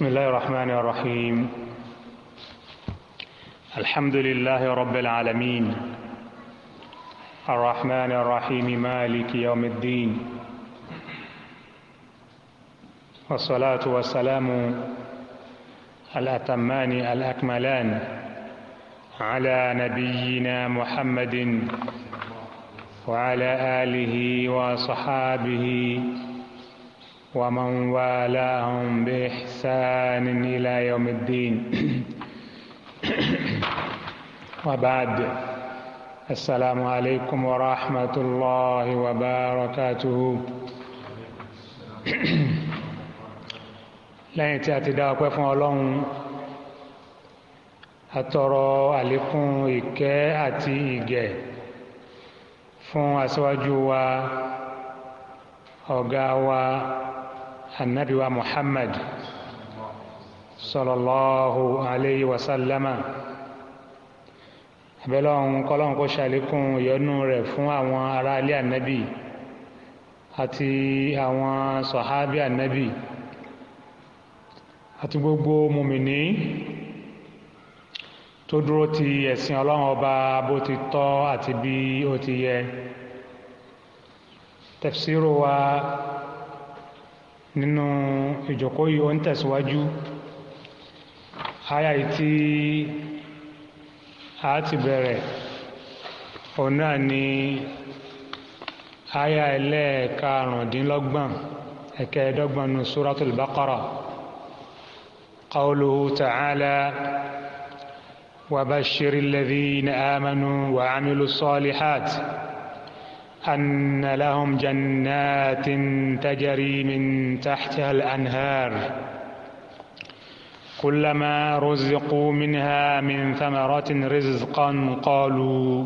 بسم الله الرحمن الرحيم الحمد لله رب العالمين الرحمن الرحيم مالك يوم الدين والصلاة والسلام الأتمان الأكملان على نبينا محمد وعلى آله وصحابه ومن والاهم بإحسان إلى يوم الدين وبعد السلام عليكم ورحمة الله وبركاته lẹ́yìn tí a ti dá ọpẹ́ fún ọlọ́run àtọrọ àlékún ìkẹ́ àti ìgẹ̀ fún aṣáájú wa ọ̀gá wa النبي محمد صلى الله عليه وسلم abẹ́lẹ́ ọ̀hún kọ́lọ́hún kó ṣàlékún ìyọ́nú rẹ̀ fún àwọn ará ilé ànábì àti àwọn sọ̀hábì ànábì àti gbogbo mùmìnì tó dúró ti ẹ̀sìn ọlọ́run ọba bó ti tọ́ àti bí ó ti yẹ tafsiru wa. nínú ìjòkó yìí wọn ń tẹ̀síwájú aya yìí tí a ti bẹ̀rẹ̀ ọ̀nà ni aya ẹlẹ́ẹ̀karùndínlọ́gbọ̀n ẹ̀kẹ́ẹ̀dọ́gbọ̀n nù suratul baqara qawluhu ta'ala wa bashiril ladhina amanu wa amilu salihat. أن لهم جنات تجري من تحتها الأنهار كلما رزقوا منها من ثمرة رزقا قالوا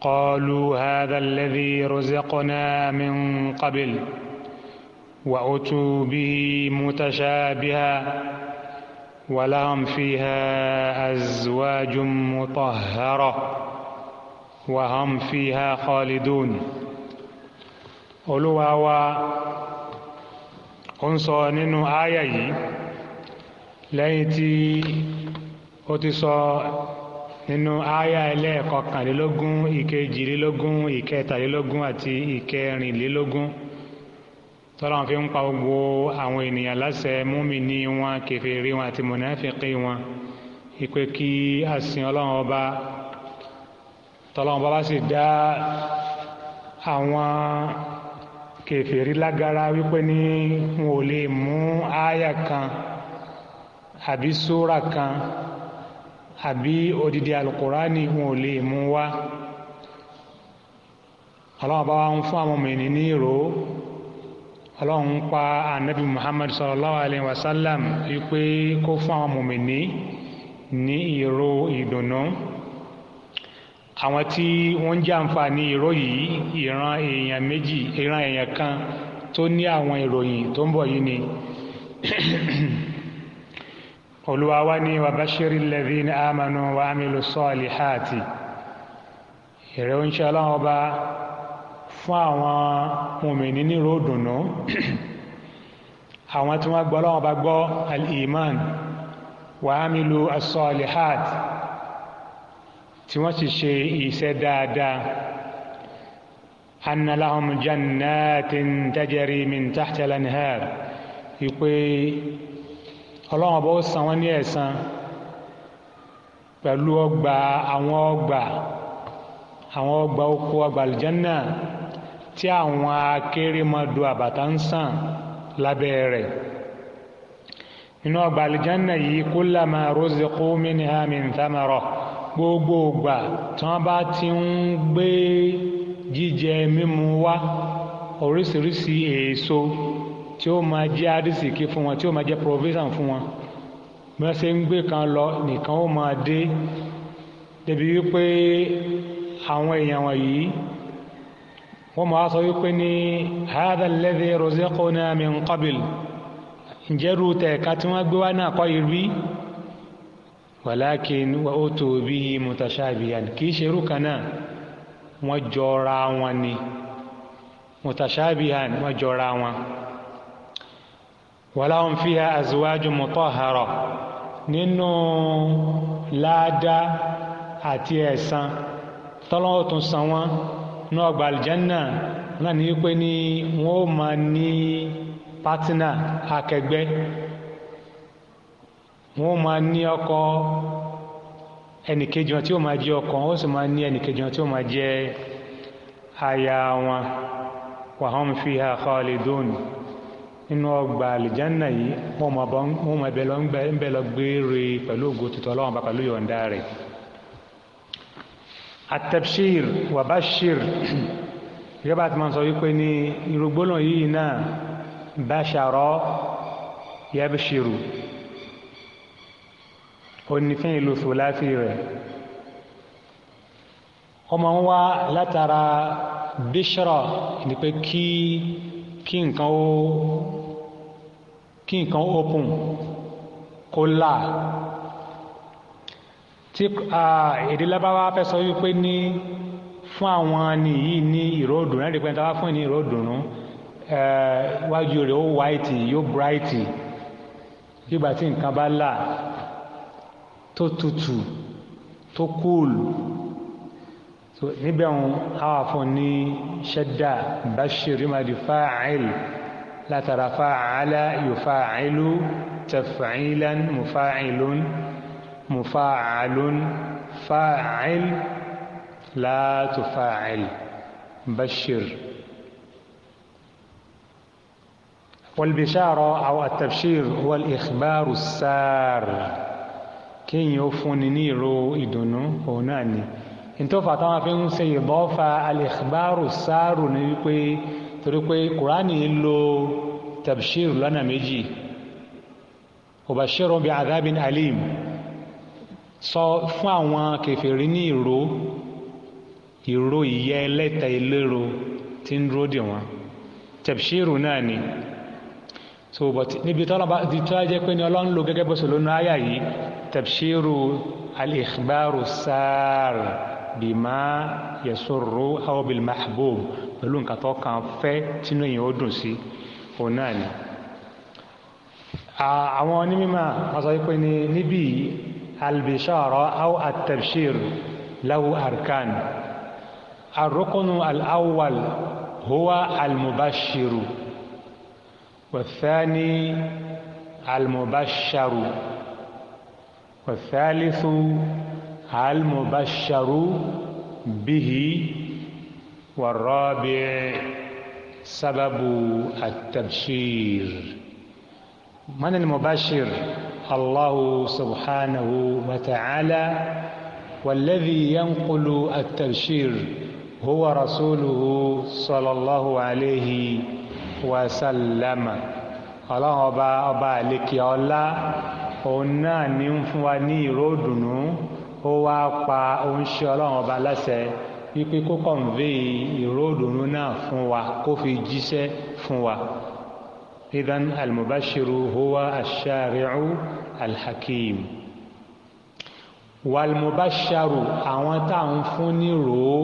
قالوا هذا الذي رزقنا من قبل وأتوا به متشابها ولهم فيها أزواج مطهرة وهم فيها خالدون olúwa wa ó ń sọ nínú àyà yìí lẹ́yìn tí ó ti sọ nínú àyà ẹlẹ́ẹ̀kọkànlélógún ìkejìlélógún ìkẹtàlélógún àti ìkẹrìnlélógún tọ́lá fi ń pa gbogbo àwọn ènìyàn láṣẹ múmìnì wọn kèfèrí wọn àti mọ̀nàfíkì wọn ìpè kí àsìn ọlọ́run ọba tọ́lọ́wọ́n bá bá sì dá àwọn kèfèrí lágara wípé ní wọn ò lè mú ááyà kan àbí súrà kan àbí odidi alukurani wọn ò lè mú wá ọlọ́run bá wa ń fún àwọn ọmọ ènìyàn ní ìró ọlọ́run pa anabi muhammad sallallahu alayhi wa sallam wípé kó fún àwọn ọmọ ènìyàn ní ìró ìdùnnú àwọn tí wọ́n ń jàǹfààní ìró yìí ìran èèyàn méjì ìran èèyàn kan tó ní àwọn ìròyìn tó ń bọ̀ yìí ni olúwa wa wàbáṣírí lẹ́dín àmánú wa amílù sọ́ọ̀lì háàtì ìrẹ́ oúnjẹ ọlọ́run ọba fún àwọn mùmìnì nírò dùnú àwọn tí wọ́n gbọ́ ọlọ́run ọba gbọ́ al-iman wa amílù asọ́ọ̀lì háàtì tí wọ́n sì ṣe iṣẹ́ dáadáa anna lahum jannatin tajri min tahti al-anhar ìpè ọlọ́run ọba ó san wọ́n ní ẹ̀san pẹ̀lú ọgbà àwọn ọgbà àwọn ọgbà oko ọgbà àlùjànnà tí àwọn akérèmọdò àbàtà ń sàn lábẹ́ rẹ̀ nínú ọgbà àlùjànnà yìí kullama ruziqu minha min thamara. gbogbo ìgbà tí wọn bá ti ń gbé jíjẹ mímu wá oríṣiríṣi èso tí ó máa jẹ́ àdìsíkí fún wọn tí ó máa jẹ́ provision fún wọn bí gbé kan lọ nìkan ó máa dé débi wípé àwọn èèyàn wọ̀nyí wọ́n máa sọ wípé ní ǹjẹ́ rú tẹ̀ka tí wọ́n gbé wá náà kọ́ yìí rí. walakin wa utu bihi mutashabihan kì í ṣe irú kan náà wọ́n jọra wọn ni mutashabihan wọ́n jọra wọn. walahum fiha azwaju mutahhara nínú láàdá àti ẹ̀san tọ́lọ́wọ́ tún san wọ́n ní ọgbà àlìjánná náà ní wípé ni wọ́n ó máa ní pátínà wọn ó máa ní ọkọ ẹnìkejì wọn tí ó máa jẹ ọkọ wọn ó sì máa ní ẹnìkejì wọn tí ó máa jẹ aya wọn wa hum fiha khalidun nínú ọgbà àlìjánà yìí wọn ò máa bẹ lọ ń bẹ lọ gbére pẹ̀lú ògo tuntun ọlọ́wọ́n bá pẹ̀lú yọ̀ǹda rẹ̀ atabshir wa bashir ti máa sọ wípé ní irúgbóná yìí náà bashara yabshiru onífín ìlú sòláfì rẹ̀ ọmọ ń wá látara bíṣọ̀rọ̀ ni pé kí kí nǹkan ó kí nǹkan ó open kó là tí èdè lábáwá fẹ́ sọ wípé ní fún àwọn nìyí ní ìró ìdùnnú ẹ̀rí pé fún ní ìró ìdùnnú iwájú rẹ̀ ó white yóò bright yóò bá tí nǹkan bá là. tó tutù tó kúùlù so níbẹ̀ àwọn àwàfọ̀ ní ṣẹ́dá bashir yóò di fa'il látara fa'ala yufa'ilu taf'ilan mufa'ilun mufa'alun fa'il la tufa'il bashir والبشارة أو التبشير هو الإخبار السار kéèyàn ó fúnni ní ìró ìdùnnú òun náà ni ìtọ́fà táwọn fi ń ṣe ìbọ́fà al-ikhbaru sáàrù ni wípé torí pé kùránì lo tabshir lọ́nà méjì obashiru bi adhabin alim sọ fún àwọn kèfèrí ní ìró ìró ìyẹ́ ẹlẹ́ta ìlérò tí ń dúró dè wọ́n tabshiru náà ni. so but níbi tọ́lá bá ti tó ajẹ́ pé ní ọlọ́run lò gẹ́gẹ́ bó ṣe lónú àyà yìí tafsiru al-ikhbaru sar bima yasurru aw bil mahbub pẹ̀lú nǹkan tó kàn fẹ́ tínú èèyàn ó dùn sí òun náà ni. àwọn onímọ̀ wọ́n sọ pé ní níbi al-bishara aw at-tabshir lahu arkan ar-ruknu al-awwal huwa al-mubashiru. والثاني المبشر والثالث المبشر به والرابع سبب التبشير من المبشر الله سبحانه وتعالى والذي ينقل التبشير هو رسوله صلى الله عليه wasallama ọlọ́run ọba ọba àlekè ọlá òun náà ní ń fún wa ní ìró ìdùnnú ó wá pa òun ṣe ọlọ́run ọba láṣẹ wípé kó kọ̀ǹvé ìró náà fún wa kó fi jíṣẹ́ fún wa. idan almubashiru huwa ashari'u alhakim walmubasharu àwọn tá à ń fún ní ròó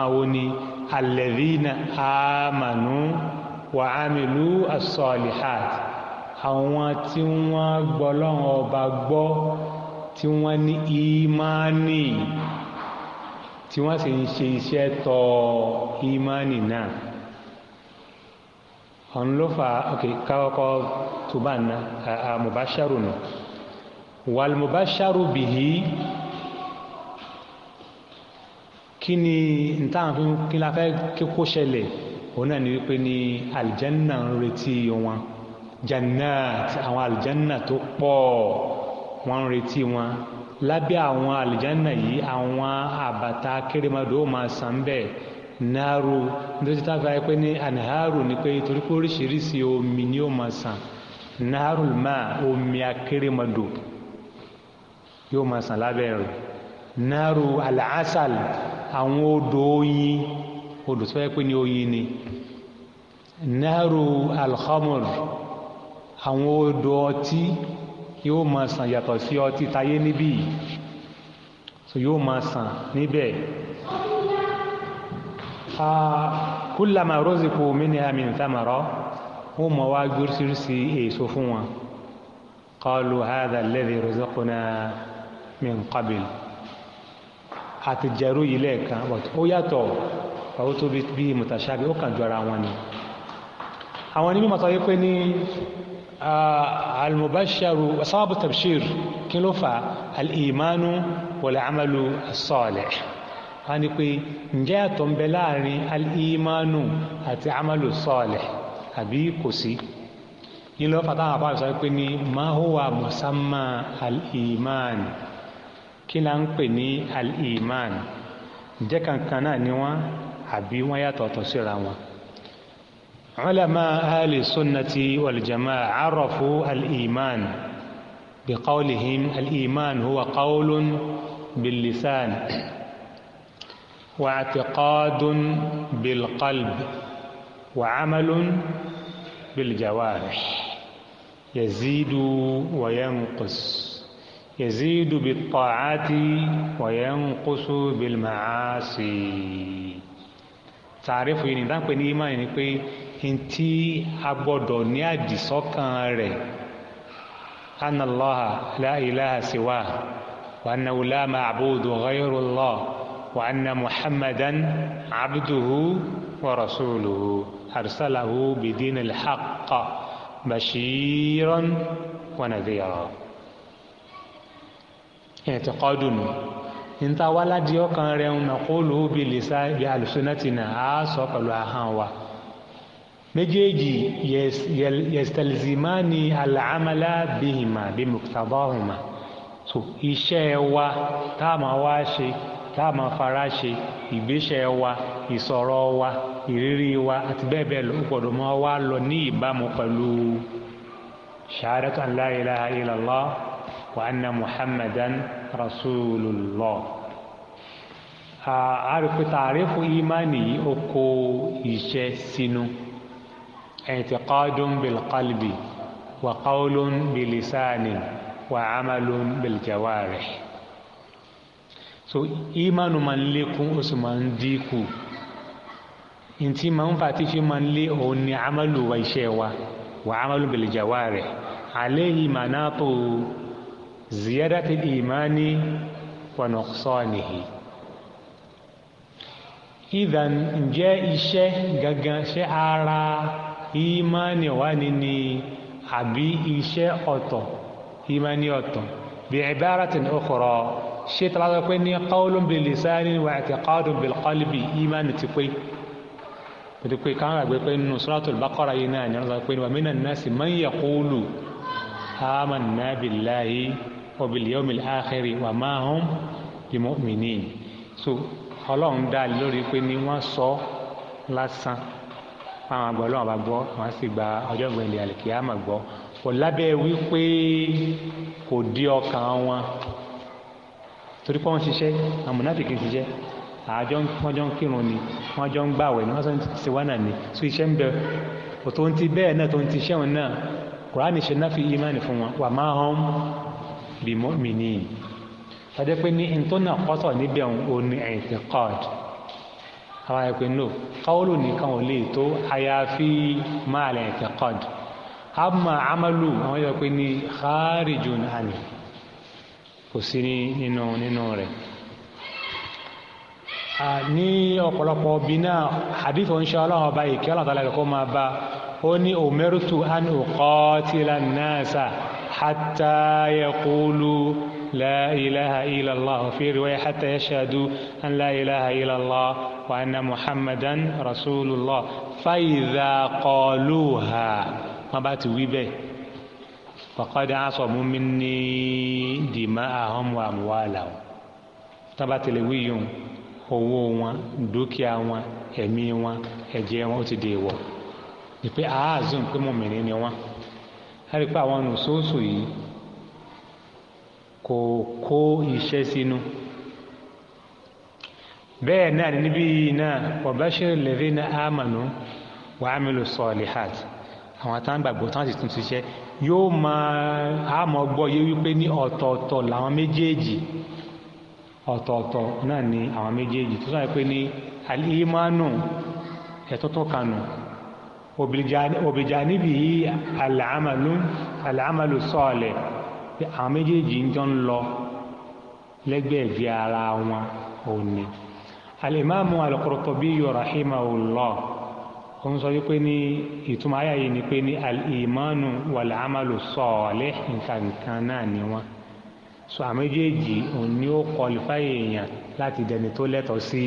àwọn ni alladhina amanu wà ámìlú as-salihat àwọn tí wọ́n gbọ́ lọ́wọ́ ọba gbọ́ tí wọ́n ní ìmánì tí wọ́n sì ń ṣe iṣẹ́ tọ ìmánì náà ọ̀n ló fà ok káwọ́kọ́ tuba na àmùbáṣárù nù wàlmùbáṣárù bìhí kí ni ntàn fún kí la fẹ́ kó ṣẹlẹ̀ Ona náà ni wípé ní aljanna ń retí wọn jannat àwọn aljanna tó pọ̀ wọ́n ń retí wọn lábẹ́ àwọn aljanna yìí àwọn àbàtà kérèmọdò ó máa sàn bẹ́ẹ̀ náàrú nítorí tá a fẹ́ pé anharu ni pé torí pé oríṣiríṣi omi ni ó máa sàn náàrú máa omi akérèmọdò yóò máa sàn lábẹ́ rẹ̀ náàrú aláásàl àwọn odò oyin odò tó fẹ́ pé ní oyin ni nehru alhamur àwọn odò ọtí yóò máa sàn yàtọ̀ sí ọtí tayé níbí yìí so yóò máa sàn níbẹ̀ kúlàmà rọ́sìkò mínìhà min thamara ó mọ̀ wá gbóríṣiríṣi èso fún wọn qalu hadha alladhi razaqna min qabl àtijẹ́rú yìí lẹ́ẹ̀kan ó yàtọ̀ fàwọn tó bí mùtàṣàbí ó kàn ju ara wọn ni àwọn onímọ̀ sọ wípé ní almubasharu sábàbù tabshir kí ló fà alìmánu wọlé amalu sọọlẹ wọn ni pé ǹjẹ́ àtọ̀ ń bẹ láàrin alìmánu àti amalu sọọlẹ àbí kò sí yìí ló fà táwọn afáàlù sọ wípé ní mahuwa musamma alìmán kí là ń pè ní alìmán ǹjẹ́ kankan náà ni wọ́n. àbí wọ́n yàtọ̀ ọ̀tọ̀ síra wọn. ulama ahli sunnati wal jamaa arafu al-iman biqawlihim al-iman huwa qawlun bil-lisan wa i'tiqadun bil-qalb wa 'amalun bil-jawarih yazidu wa yanqus. يزيد بالطاعات وينقص بالمعاصي tààrífù yìí nìdá ń pè ní imáyì ni pé ntí a gbọ́dọ̀ ní àdìsọ́kàn rẹ̀ anallaha la ilaha siwa wa annahu la ma'budu ghayru Allah wa anna muhammadan abduhu wa rasuluhu arsalahu bidin alhaq bashiran wa nadhira. ìtìkọ́dùnú. nta waladi ọkàn rẹ̀ ń nàkóòlù bí lisa bí alùsùnàtìnà á sọ pẹ̀lú ahọ́n wa méjèèjì yẹsitalizimani alaamala bihima bí muktabahuma so iṣẹ́ wa tá a ṣe tá fara ṣe ìgbésẹ̀ wa ìsọ̀rọ̀ wa ìrírí wa àti bẹ́ẹ̀ bẹ́ẹ̀ lọ gbọ́dọ̀ máa wá lọ ní ìbámu pẹ̀lú shahadatan la ilaha illallah wa anna muhammadan rasulullah àríkú tààrífù ìmánì yìí ó kó iṣẹ́ sínú ẹ̀tìkọ́dún bilqalbi wa qawlun bilisani wa amalun biljawari so ìmánu máa ń lékún ó sì máa ń dínkù ntí máa ń fàtí fi máa ń lé òun ni amalu wa iṣẹ́ wa wa amalu biljawari alayhi manatu. زيادة الإيمان ونقصانه إذا جاء الشيخ جاجا شعارا إيمان وانني أبي الشيخ أوتو إيمان أوتو بعبارة أخرى شيخ لا قول باللسان واعتقاد بالقلب إيمان تكوي تكوي كان يقول إن سورة البقرة ينان يعني ومن الناس من يقول آمنا بالله وباليوم yọ́mìlì áhẹ́rì wà máa hàn bímọ́mìnì so ọlọ́run dá lórí pé ni wọ́n sọ lásán àwọn àgbà ọlọ́run bá gbọ́ wọ́n sì gba ọjọ́ ìgbẹ̀lẹ̀ àlìkíyàmà gbọ́ kò lábẹ́ wípé kò dí ọkàn wọn torí pé wọ́n ṣiṣẹ́ àmúnáfíkì ṣiṣẹ́ àjọ wọ́n jọ ń kírun ni wọ́n jọ ń gbàwẹ̀ ni wọ́n sọ ti wá ni so iṣẹ́ ń bẹ òtò ń ti bẹ́ẹ̀ náà tó ń ti iṣẹ́ náà kùránì ṣe náà fi ìmánì fún wọn wà máa hàn bimọ́mìnì tọ́jọ́ pé ní ìtọ́nà kọ́sọ̀ níbẹ̀ òní ẹ̀ǹtìkọ́d àwọn ẹ̀pẹ́ no káwọ́lù nìkan ò lè tó àyàfi máa lẹ̀ ẹ̀ǹtìkọ́d àmà àmàlù àwọn ẹ̀yọ́ pé ní kharijun àní kò sí nínú nínú rẹ̀ ní ọ̀pọ̀lọpọ̀ bí náà hadith ń ṣe ọlọ́run ọba ìkẹ́ ọlọ́run tọ́lá máa bá ó ní umirtu an uqatila an-nasa حتى يقولوا لا إله إلا الله في رواية حتى يشهدوا أن لا إله إلا الله وأن محمدا رسول الله فإذا قالوها ما بات ويبه فقد عصموا مني دماءهم وأموالهم تبات لويهم هو wọn dúkìá wọn ẹ̀mí wọn ẹ̀jẹ̀ wọn ó ti dè wọ̀ ìpè àázùn ẹ̀rí pé àwọn nùsóòsù yìí kò kó iṣẹ́ sínú bẹ́ẹ̀ náà níbí náà wabashir lladhina amanu wa amilu salihat àwọn àtàǹgbàgbọ́ tán sì tún ṣiṣẹ́ yóò máa àmọ́ gbọ́ yé wípé ní ọ̀tọ̀ọ̀tọ̀ làwọn méjèèjì ọ̀tọ̀ọ̀tọ̀ náà ni àwọn méjèèjì tó sáré ní ẹ̀tọ́tọ̀ kanu òbìjàníbì yìí àlàámàlú àlàámàlú sọ̀ọ̀lẹ̀ pé àwọn méjèèjì ń jọ ń lọ lẹ́gbẹ̀ẹ́ bí ara wọn òní. alimami al-Qurtubi rahimahullah ó ń sọ wípé ní ìtumọ̀ ayé yìí ni pé ní al-imanu wal-amalu sọ̀ọ̀lẹ̀ nǹkan náà ni wọn. sọ àwọn méjèèjì òní ó kọlifáyé èèyàn láti dẹni tó lẹ́tọ̀ọ́ sí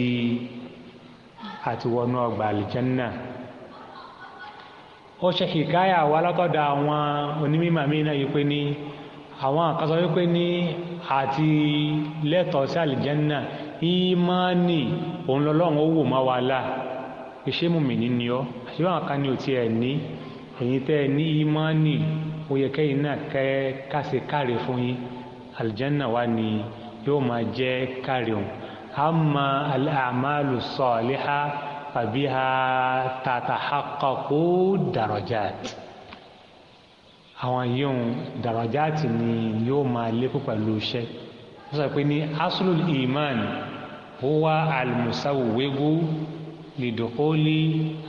àtiwọnú ọgbà àlìjẹ́nnà náà ó ṣe hikaya wa látọ̀dọ̀ àwọn onímọ̀ mi náà yìí pé ní àwọn kan sọ wípé ní àti lẹ́tọ̀ọ́ sí àlìjẹ́nà ìmánì òun lọ́lọ́run ó wò má wa là iṣẹ́ mùmìnì ni ọ́ àṣìbí kan ní ò tiẹ̀ ní èyí tẹ́ ẹ ní ìmánì ó yẹ kẹ́yìn náà kẹ́ kásẹ̀ káre fún yín àlìjẹ́nà wa ni yóò máa jẹ́ káre òun àmà al فبها تتحقق درجات àwọn yóò dàrọ̀jáàtì ni yóò máa lékún pẹ̀lú iṣẹ́ wọ́n sọ pé ní asulul iman huwa almusawwigu lidukuli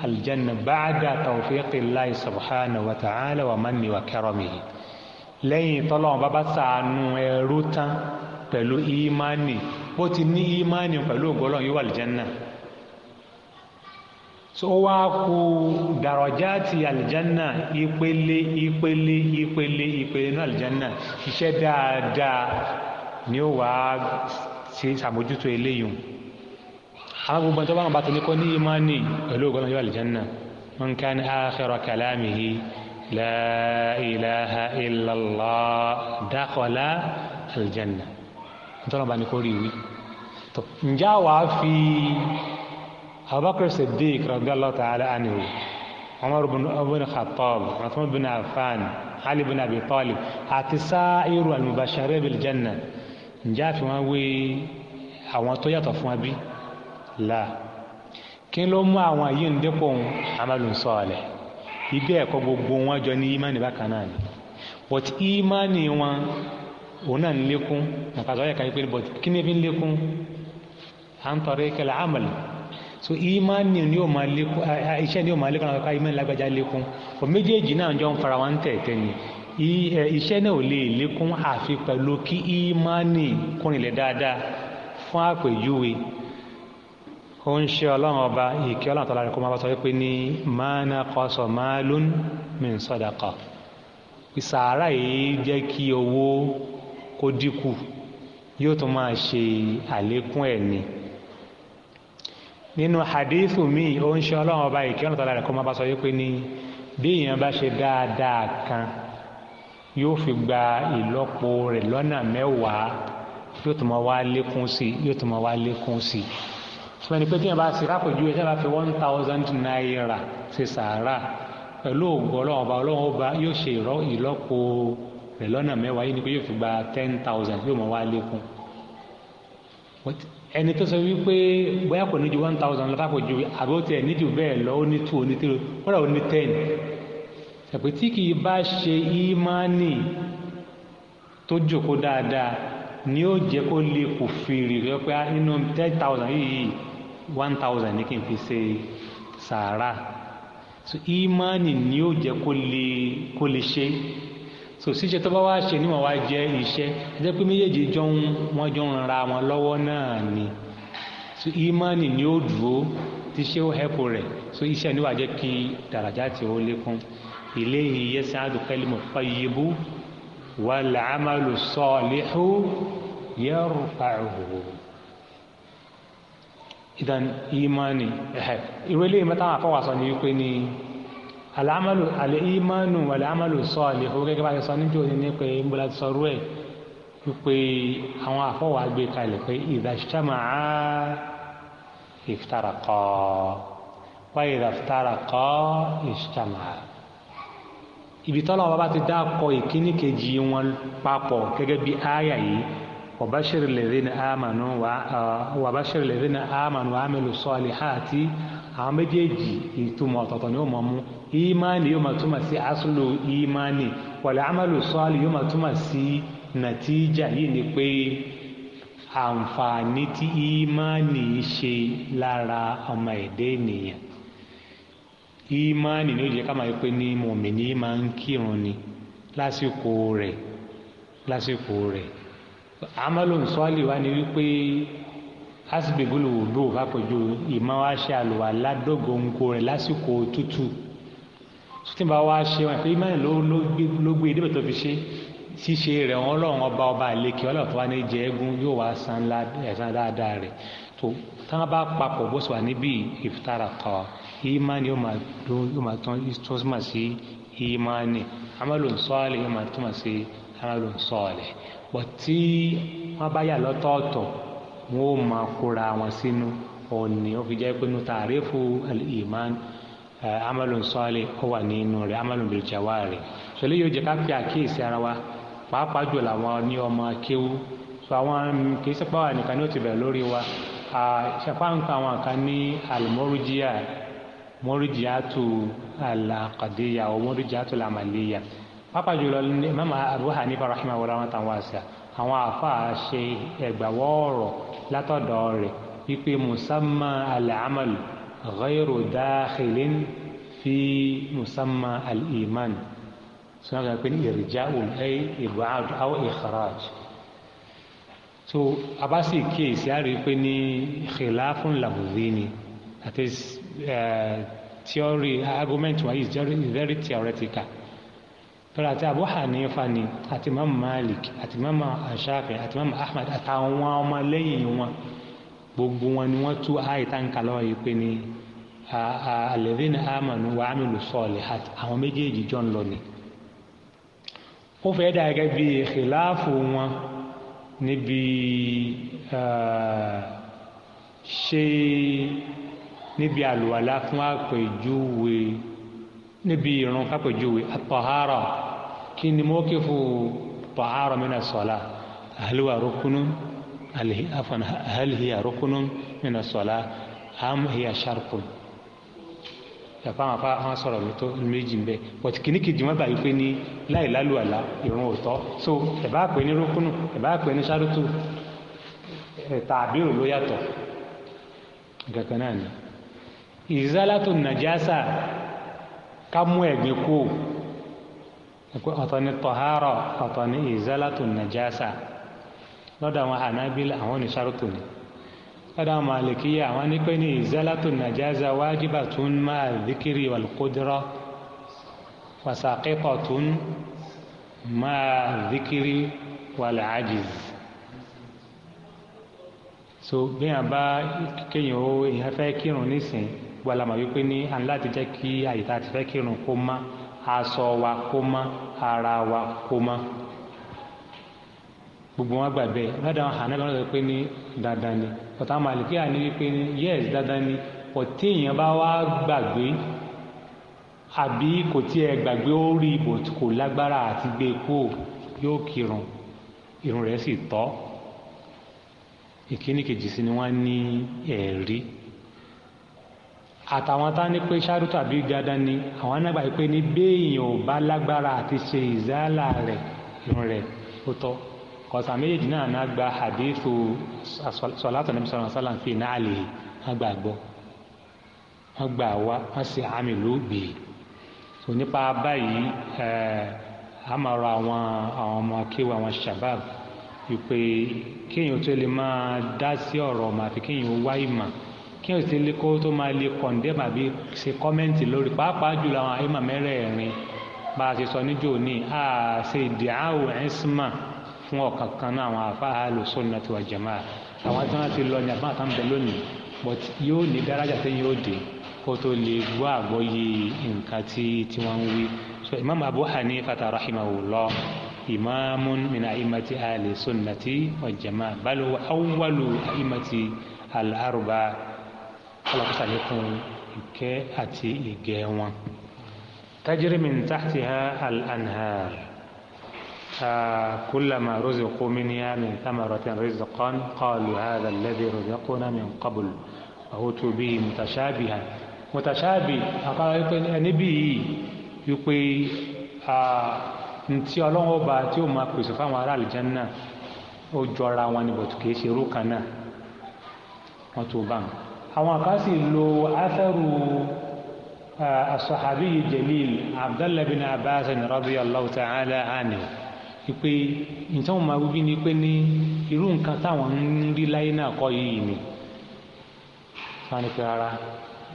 aljanna baada tawfiqi lai subhanahu wa ta'ala wa manni wa karamihi lẹ́yìn tọ́lọ́wọ́n bá bá sàánú ẹrú tán pẹ̀lú imani bó ti ní imani pẹ̀lú ògbọ́lọ́n yóò wà aljanna so wá kú dàrọ̀já ti àlìjánà ìpele ìpele ìpele ìpele náà àlìjánà iṣẹ́ dáadáa ni ó wà á ṣe ṣàmójútó eléyìí àwọn gbogbo ẹni tó bá wọn bá ti ní kọ́ ní imáni pẹ̀lú ògbọ́n yóò àlìjánà man kana akhira kalamihi la ilaha illallah dakhala àlìjánà nítorí wọn bá ní kó rí ìwí àwa fi abubakar siddiq radiyallahu ta'ala anhu umar bin khattab uthman bin affan ali bin abi talib àti sáírù al-mubashirin bil janna ǹjẹ́ àfihàn wé àwọn tó yàtọ̀ fún wa bí la kí ló mú àwọn yìí ń dépò ń amalun salih ibi ẹ̀kọ́ gbogbo wọn jọ ní imani bákan náà ni but imani wọn òun náà ń lékún nàkàtà ọ̀yẹ̀ká yìí pé but kí ni fi ń lékún à ń tọrọ ìkẹlẹ̀ amali so ìmánì ni yóò máa lékún iṣẹ́ ni yóò máa lékún àwọn ìmánì lágbájá lékún ọ̀ méjèèjì náà jọ ń fara wọn tẹ̀tẹ̀ ni iṣẹ́ náà ò lè lékún àfi pẹ̀lú kí ìmánì kúnlẹ̀ dáadáa fún àpèjúwe ó ń ṣe ọlọ́run ọba ìkẹ́ ọlọ́run tọ́lá rẹ̀ kó máa bá sọ wípé ní mana kọsọ̀ máa lún min sadaqa ìsàárà yìí jẹ́ kí owó kó dínkù yóò tún máa ṣe àlékún ẹ̀ ni nínú hadithu mi ó ń ṣe ọlọ́run ọba ìkẹ́ ọ̀nà tọ́lá rẹ̀ kó má bá sọ yìí pé ní bí èèyàn bá ṣe dáadáa kan yóò fi gba ìlọ́po rẹ̀ lọ́nà mẹ́wàá yóò tún máa wá lékún sí i yóò tún máa wá lékún sí i sọ ni pé tí èèyàn bá ṣe rápò ẹ̀ṣẹ̀ bá fi one thousand naira ṣe sàárà pẹ̀lú òògùn ọlọ́run ọba ọlọ́run ọba yóò ṣe ìlọ́po rẹ̀ lọ́nà mẹ́wàá yìí ni pé yóò fi gba ten thousand yóò máa wá lékún ẹni tó sọ wípé bóyá kò ní ju one thousand lọ lápò ju àbí ó tiẹ̀ ní ju bẹ́ẹ̀ lọ ó ní two ó ní three kódà ó ní ten ṣàpè tí kì í bá ṣe ímánì tó jòkó dáadáa ni ó jẹ́ kó lè kò fèrè rẹ pé nínú ah, ten thousand yìí one thousand ní kí n fi ṣe sàárà so ímánì ni ó jẹ́ kó lè ṣe so ṣíṣe tó bá wá ṣe níwọ̀n wá jẹ́ iṣẹ́ jẹ́ pé méjèèjì jọ ń wọ́n jọ ń ra wọn lọ́wọ́ náà ni so ìmánì ni ó dúró tí ṣé ó hẹ́pù rẹ̀ so iṣẹ́ ni wà jẹ́ kí dàrájà tí ó lékún ilé ìyẹ́ sáàdù kẹ́límù fàyèbú wà làámàlù sọ̀ọ́lẹ́hù yẹ́rù fàáhù ìdán ìmánì ẹ̀hẹ́ ìrẹ́lẹ́ ìmọ̀tàn àfọwàsọ ni wípé ni alamalu alimanu alamalu sọọli owó gẹ́gẹ́ bá ti sọ níjó ni ní pé ń bọlá ti sọ rú ẹ pípé àwọn afọwọ àgbè kalẹ̀ pé ìdàṣítàmà á ìfitarakọ wá ìdàfitarakọ ìṣítàmà ibi tọ́lá ọba bá ti dá kọ ìkíní kejì wọn papọ̀ gẹ́gẹ́ bí áyà yìí wàbáṣẹ́rì lẹ́rìn àmàlù wàbáṣẹ́rì lẹ́rìn àmàlù àmàlù sọ́ọ̀lì hàtí. àwọn méjèèjì ìtumọ̀ ọ̀tọ̀ọ̀tọ̀ ni ó máa mú ìmánì yóò máa túmọ̀ sí asúlù ìmánì wal amalu salih yóò máa túmọ̀ sí nàtíjà yìí ni pé àǹfààní tí ìmánì ṣe lára ọmọ ẹ̀dẹ́ ènìyàn ìmánì ni ó jẹ́ ká máa pé ní máa ń ni lásìkò rẹ̀ lásìkò rẹ̀ amalu wá ni wípé. asibigulu wudu fapẹju ìmọ̀ wa ṣe àlùwà ládọ́gọ̀ǹkọ rẹ̀ lásìkò tútù tuntun bá wa ṣe wọn pé imáyìn ló gbé débẹ̀ tó fi ṣe ṣíṣe rẹ̀ wọn ọlọ́run ọba ọba àlekè ọlọ́run tó wá ní jẹ ẹ́gún yóò wá san ẹ̀san dáadáa rẹ̀ tó tá wọn bá papọ̀ bó ṣe wà ìfitara kọ imáyìn yóò yóò máa tán tó túmọ̀ sí imáyìn amalun sọ́ọ̀lì yóò máa túmọ̀ sí amalun sọ́ọ̀lì bọ̀ tí wọ́n bá yà lọ́tọ̀ọ̀tọ̀ wọn ò máa kóra wọn sínú òní ó fi jẹ́ pé nu tààrífù al-iman amalun salih ó wà nínú rẹ̀ amalun bil jawari sọlẹ́ yóò jẹ́ ká fi àkíyèsí ara wa pàápàá jù làwọn ní ọmọ akéwú sọ àwọn kì í sẹ́pà nìkan ní ó ti bẹ̀rẹ̀ lórí wa ṣẹ̀fà ń pa àwọn kan ní al-murji'a murji'atu al-aqdiyya o murji'atu al pápá jùlọ Imam Abu Hanifa rahimahullah wọn tàn wá sí àwọn àfáà ṣe ẹgbàwọ́ ọ̀rọ̀ látọ̀dọ̀ rẹ̀ wípé musamma al-amal ghayru dakhilin fi musamma al-iman sọ́nà kan pé irja'u ay ib'ad aw ikhraj so abasi kéèsì á rí i pé ní khilafun lafzi ni that is eh, theory argument wa is very theoretical lọ́la àti Abu Hanifa ni àti Imam Malik àti Imam Shafi àti Imam Ahmad àtàwọn ọmọ lẹ́yìn wọn gbogbo wọn ni wọ́n tú àìtànkà lọ́wọ́ yìí pé ní alladhina amanu wa amilu salihati àwọn méjèèjì jọ ń lọ ni. ó fẹ́ dà gẹ́gẹ́ bí khilafu wọn níbi ṣe níbi àlùwàlá fún àpèjúwe níbi irun kápẹ̀júwe àtọ̀hárà kí ni mo kí fún tọ̀hárà mi náà sọ̀la àhàlùwà rúkúnú àhàlùhìyà rúkúnú mi náà sọ̀la àmùhìyà sharpun yàtọ̀ àwọn afá àwọn sọ̀rọ̀ mi tó méjì mbẹ́ bọ̀tí kìíní kejì wọn gbà wípé ní láì lálù àlá ìrún òótọ́ so ẹ̀bá àpè ní rúkúnù ẹ̀bá àpè ní sárótù tàbí òun ló yàtọ̀ gàgànà ni ìzálàtò nàjásà ká mú ẹ̀gbin kú ọ̀tọ̀ ni tọ̀hárà ọ̀tọ̀ ni ìzálàtò nàjásà lọ́dọ̀ àwọn hànábílà àwọn oníṣàrùtò ni lọ́dọ̀ àwọn màlìkíyà àwọn ní pé ní ìzálàtò nàjásà wájibà tún máa dhikri wal qudra tún máa dhikri wal so bí wọn bá kéèyàn ó èèyàn kírun nísìnyí. Wala àlàmà wípé ní à ń láti jẹ́ kí àyè tá a ti fẹ́ kírun kó mọ́ aṣọ wa kó mọ́ ara wa kó mọ́ gbogbo wọn gbà bẹ́ẹ̀ lọ́dọ̀ àwọn àná lọ́dọ̀ pé ní dandan ni ọ̀tá àwọn àlùkíyà wípé ní yẹ́ẹ̀sì dandan ni ọ̀tí èèyàn bá wá gbàgbé àbí kò tiẹ̀ gbàgbé ó rí ibò kò lágbára àti gbé e kó yóò kírun irun rẹ̀ sì tọ́ ìkíní kejì sí ni wọ́n ní ẹ̀rí. E àtàwọn tá ní pé ṣáàrú tàbí gada ni àwọn náà gbà pé ní béèyàn ò bá lágbára àti ṣe ìzálà rẹ̀ irun rẹ̀ ó tọ́ kọ̀sà méjèèjì náà náà gba hadithu sọ̀látọ̀ níbi sọ̀rọ̀ sálàm fi náà lè wọ́n gbà gbọ́ wọ́n gbà wá wọ́n sì àmì ló gbè nípa báyìí a máa àwọn àwọn ọmọ akéwà àwọn shabab wípé kéèyàn tó lè máa dá sí ọ̀rọ̀ màfi kéèyàn wá ìmọ̀ kí o sì lè kó tó máa lè kọ̀ǹdẹ́m àbí ṣe kọ́mẹ́ǹtì lórí pàápàá jùlọ àwọn àyèmọ̀ mẹ́rẹ̀ẹ̀rin bá a ṣe sọ níjó ní a ṣe ìdíhàwò ẹ̀ńsìmà fún ọ̀kan kan náà àwọn àfáà lòsùnà tiwa jẹ̀mà àwọn tí wọ́n ti lọ ní àbá àtàǹbẹ lónìí but yóò ní dárájà tẹ́ yóò dé kó tó lè gbọ́ àgbọ́yé nǹkan tí tí wọ́n ń wí so imam abu hanifa rahimahullah imamun min aimati ahli sunnati wa jama bal huwa awwalu aimati al خلقتكم ك أتي لجوا تجري من تحتها الأنهار آه، كلما رزقوا منها من ثمرة رزقا قالوا هذا الذي رزقنا من قبل وأوتوا به متشابها متشابه قال نبي يقي nti ọlọ́wọ́ ọba tí ó máa pèsè fáwọn aráàlú jẹ́nà ó jọra wọn ni bọ̀tù kìí ṣe irú kan àwọn kan sì lo atharu asahabi jalil abdullahi bin abbas radiyallahu ta'ala anhu pé nǹkan wọn máa wí ni pé ní irú nǹkan táwọn ń rí láyé náà kọ́ yìí ni wọn ni pé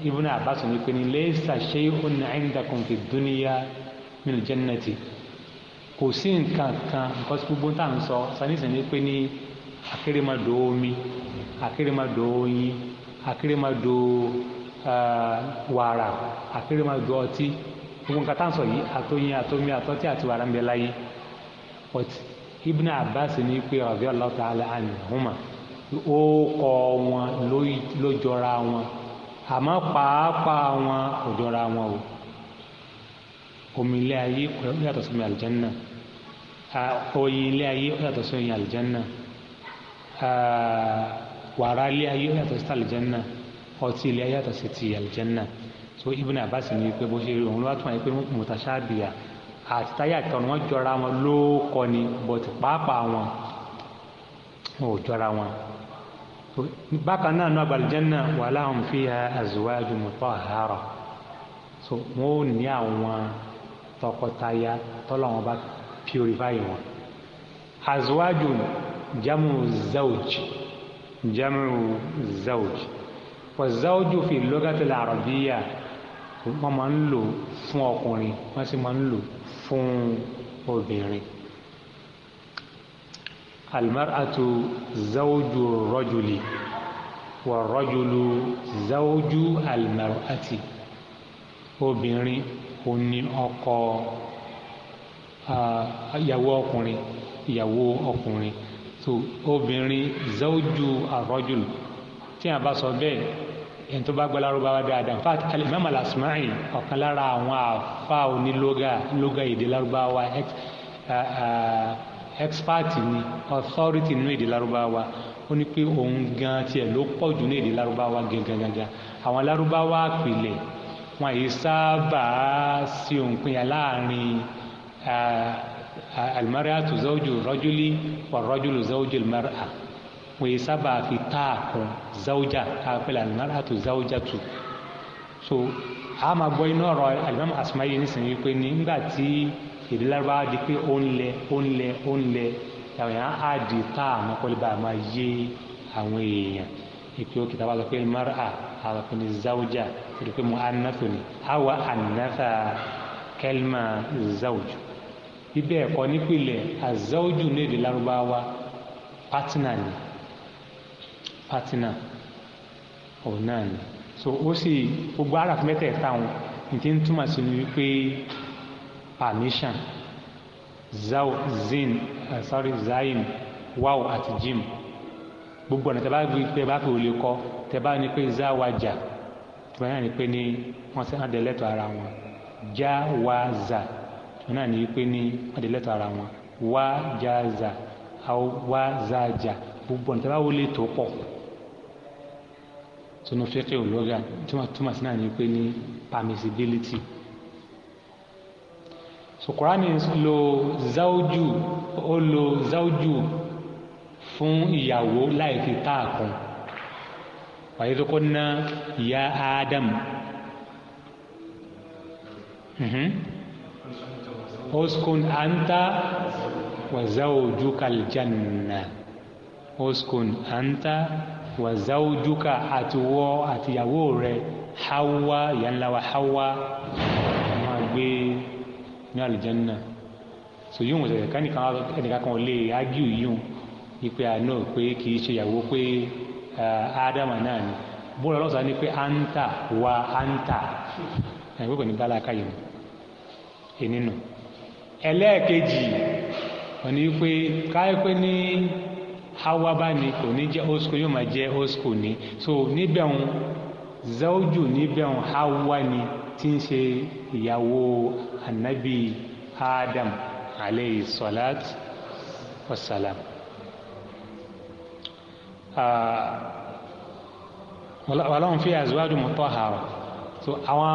ibn abbas ni pé ní laysa shay'un 'indakum fid dunya min al-jannati kò sí nǹkan kan nǹkan tí gbogbo tá à ń sọ sanni sàn pé ní akérèmọdò omi akérèmọdò oyin akérèmọdò wàrà akérèmọdò ọtí gbogbo nǹkan táwọn sọ yìí àtọyìn àtọmí àtọtí àti wàrà ń bẹ láyé but Ibn Abbas ní pé radiyallahu ta'ala anhuma ó kọ wọn ló jọra wọn àmọ́ pàápàá wọn ò wọn o omi ilé ayé ó yàtọ̀ sí omi àlùjánnà oyin ilé ayé ó yàtọ̀ sí oyin àlùjánnà wàrà ilé ayé yàtọ̀ sí àlìjánná ọtí ilé ayé yàtọ̀ sí ti àlìjánná so Ibn Abbas ní pé bó ṣe rí òun lọ́wọ́ tó wáyé pé mutashabiha àti táyà kan wọ́n jọra wọn ló kọ́ ni but pàápàá wọn wọn ò jọra wọn bákan náà náà àlìjánná wa lahum fiha azwaju mutahhara so wọn ò ní àwọn tọkọtaya tọ́lọ́wọ́n bá purify wọn azwaju jamu zawj. جمع زوج والزوج في اللغة العربية wọ́n máa ń lò fún ọkùnrin wọ́n sì máa ń lò fún obìnrin. المرأة زوج الرجل والرجل زوج المرأة obìnrin ò ní ọkọ ìyàwó ọkùnrin ìyàwó ọkùnrin so obìnrin zawju arrajul tí a bá sọ bẹ́ẹ̀ ẹni tó bá gbọ́ lárúbáwá dáadáa in fact alimami alasmai ọ̀kan lára àwọn àfa onílógà lógà èdè lárúbáwá expert ni authority nínú èdè lárúbáwá ó ní pé òun gan tiẹ̀ ló pọ̀ jù ní èdè lárúbáwá gangan àwọn lárúbáwá pìlẹ̀ wọn yìí sábà sí òǹpinya láàrin almaratu zawju rajuli wa rajulu zawju almar'a wọ́n yìí sábà fi táà kún zawja káàpẹ́lẹ̀ almaratu zawjatu so a máa gbọ́ inú ọ̀rọ̀ alimami asumaayi nísìnyí pé nígbà tí èdè lárúbáwá di pé ó ń lẹ ó ń lẹ ó ń lẹ àwọn èèyàn á di tá àwọn kọ́lébà máa yé àwọn èèyàn ìpè òkè tá a bá sọ pé mara àwọn pè ní zawja tó di pé mu anáfò ni àwa anáfà kẹlma zawju bíbẹ́ ẹ̀kọ́ nípìnlẹ̀ azawju ní èdè lárúbáwá pátínà ni pátínà òun náà ni so ó sì gbogbo arab mẹ́tẹ̀ẹ̀ta wọn nítí ń túmọ̀ sí ni wípé permission zaw zin uh, sorry zain wow àti jim gbogbo ọ̀nà tẹ́ bá gbé pé bá fi òòlù kọ́ tẹ́ bá ní pé zawajà tẹ́ bá ní pé ní wọ́n ti hàn dé lẹ́tọ̀ọ́ ara wọn jawaza. Ja náà ní wípé ní adélẹ́tọ̀ ara wọn wá jáza wá zaja gbogbo nǹkan báwo lè tó pọ̀ sínú fẹ́kẹ́ ológa túmọ̀ sí náà ní wípé ní permissibility so Qur'ani lo záójú ó lo záójú fún ìyàwó láì fi táàkùn wàyí tó kọ́ ná ya Adam. Mm-hmm uskun anta وزوجك zawjuka aljanna uskun وزوجك wa zawjuka àtiwọ àtìyàwó rẹ hawa ìyànlá wa hawa ọmọ gbé ní aljanna so yóò wọ́n sọ̀rọ̀ kánìkan ẹnìkan kan lè ágíù yóò ipe àná pé kì í ṣe ìyàwó pé ádámà náà ni bóra lọ́sàn-án ni pé áńtà wa áńtà ẹ̀wọ́n pẹ̀lú bá aláàkáyọ̀ ẹ̀ nínú ẹlẹ́ẹ̀kejì wọ́n ní pé káyọ̀ pé ní hawaba ni kò ní jẹ́ osko yóò máa jẹ́ osko ni so níbẹ̀ ń zawju níbẹ̀ ń hawa ni tí ń ṣe ìyàwó anabi adam aleyhi salat wa salam. wàlọ́n fi azwaju mutahhara so àwọn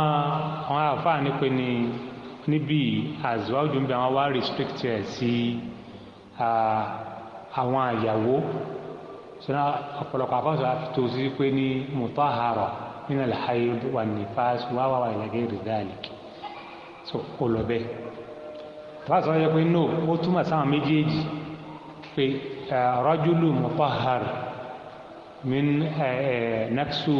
àwọn àfáà ní pé ní níbí azwájú ń bẹ àwọn wá restrict ẹ̀ sí àwọn àyàwó sọ́nà ọ̀pọ̀lọpọ̀ àfọ́sọ́ àfitó sí pé ní mutahara nínú al-hayd wà nifas wà wà wà ìlàgẹ́ ìrìdálìkì so kò lọ bẹ́ẹ̀ tàbátà wọ́n yẹ pé no ó túmọ̀ sáwọn méjèèjì pé rajulu mutahhar min naqsu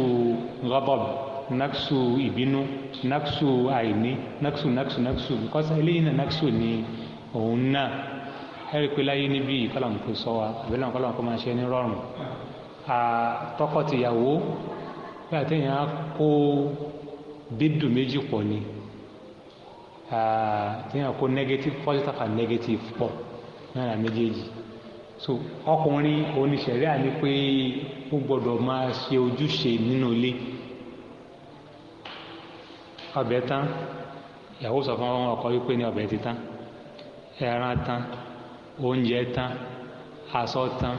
ghadab naksu ìbínú naksu àìní naksu naksu naksu because eléyìí náà naksu ni òun náà ẹ̀rí pé láyé níbí ìkọlọ́n kò sọ wa àbẹ̀lẹ̀ ọ̀kọlọ́n kò máa ṣe ní rọrùn tọkọ tìyàwó bí àtẹ̀yìn á kó bídùn méjì pọ̀ ni àtẹ̀yìn á kó negative positive and negative pọ̀ náírà méjèèjì so ọkùnrin oníṣẹ̀rí àní pé ó gbọ́dọ̀ máa ṣe ojúṣe nínú ilé ọbẹ̀ tán ìyàwó sọ fún ọkọ wípé ní ọbẹ̀ ti tán ẹran tán oúnjẹ tán aṣọ tán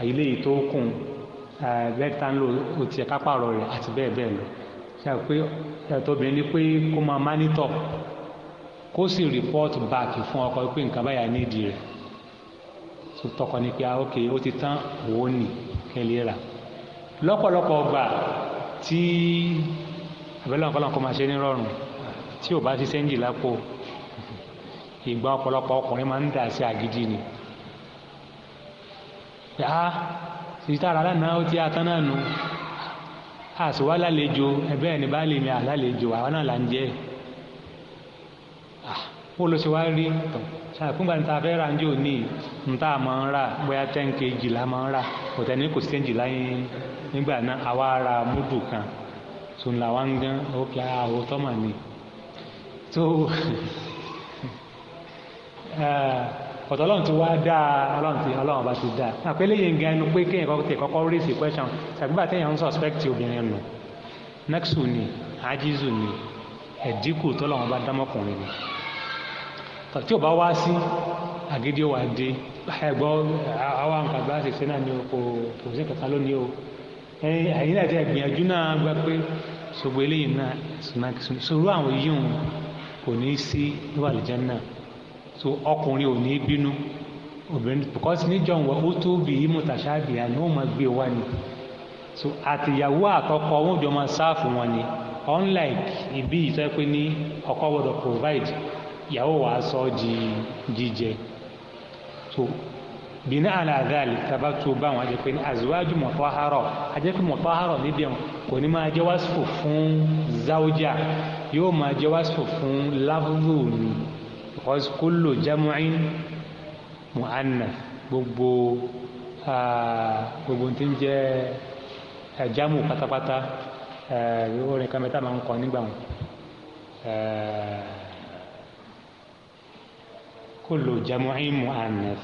àyílẹ̀ yìí tó kùn bẹ́tà ńlò ó ti ẹ̀ka pààrọ̀ rẹ̀ àti bẹ́ẹ̀ bẹ́ẹ̀ lọ ṣe àpé ẹ̀tọ́bìnrin ni pé kó máa mánítọ̀ kó sì rìpọ́ọ̀tù báàkì fún ọkọ wípé nǹkan báyà nídìí rẹ̀ tó tọkọ ni pé ah, ok ó ti tán òun nì kẹ́lẹ́ rà lọ́pọ̀lọpọ̀ ọgbà tí àbẹ̀lẹ̀ ọ̀pọ̀lọpọ̀ kọ́ máa ṣe ní rọrùn tí ò bá ti sẹ́ńjì lápò ìgbà ọ̀pọ̀lọpọ̀ ọkùnrin máa ń dà sí àgídí ni yá sìtá ara lánàá ó ti atán náà nù àsìwá lálejò ẹ̀bẹ́ ẹni bá lè mi àlálejò àwa náà là ń jẹ́ ah, ó ló ṣe wá rí tán ṣàfihàn gbàǹtà fẹ́ ra ní òní níta máa ń rà bóyá ten kg la máa ń rà kò tẹ̀ kò sí ten kg nígbà náà àwa ara múdù kan tó ń la wá ń o ó kí a ò tọ́ mà ní tó ọ̀tọ̀ ọlọ́run ti wá dáa ọlọ́run ti ọlọ́run bá ti dáa ah, àpé eléyìí ń gan ẹnu pé kéèyàn kọ́kọ́ tẹ̀ kọ́kọ́ rí sí question ṣàgbégbà téèyàn ń suspect obìnrin nù nexu ni ajizu ni ẹ̀dínkù tọ́lọ́run bá dámọ́kùnrin ni tí ò bá wá sí àgídí ó wà dé ẹ̀gbọ́n àwa nǹkan bá ṣe náà ni o kò sí kankan lónìí o ẹ̀yìn àti àgbìyànjú náà gba pé ṣògbọ́n eléyìí náà sòrò àwọn yíyùn kò ní í sí níwà lìjẹ́ náà so ọkùnrin ò ní í bínú obìnrin because níjọ́ wọn ó tó bí i mùtàṣáàbì àná ó máa gbé e wá ni so àtìyàwó àtọkọ wọn ò jọ máa sáàfù wọn ni unlike ibi ìtọ́ pé ní ọkọ gbọ́dọ̀ provide ìyàwó wàá sọ di jíjẹ so bìnnà àlàáfíàlì tàbá tó bá wọn àjẹpẹ́ ní azwaju mutahhara àjẹpẹ́ mutahhara níbi wọn kò ní máa jẹ́ wáṣífò fún zawja yóò máa jẹ́ wáṣífò fún láfúrú ni because kullu jam'in mu'annas gbogbo gbogbo tí ń jẹ́ jamu pátápátá orin kan mẹ́ta máa ń kọ nígbà wọn. kullu jam'in mu'annas.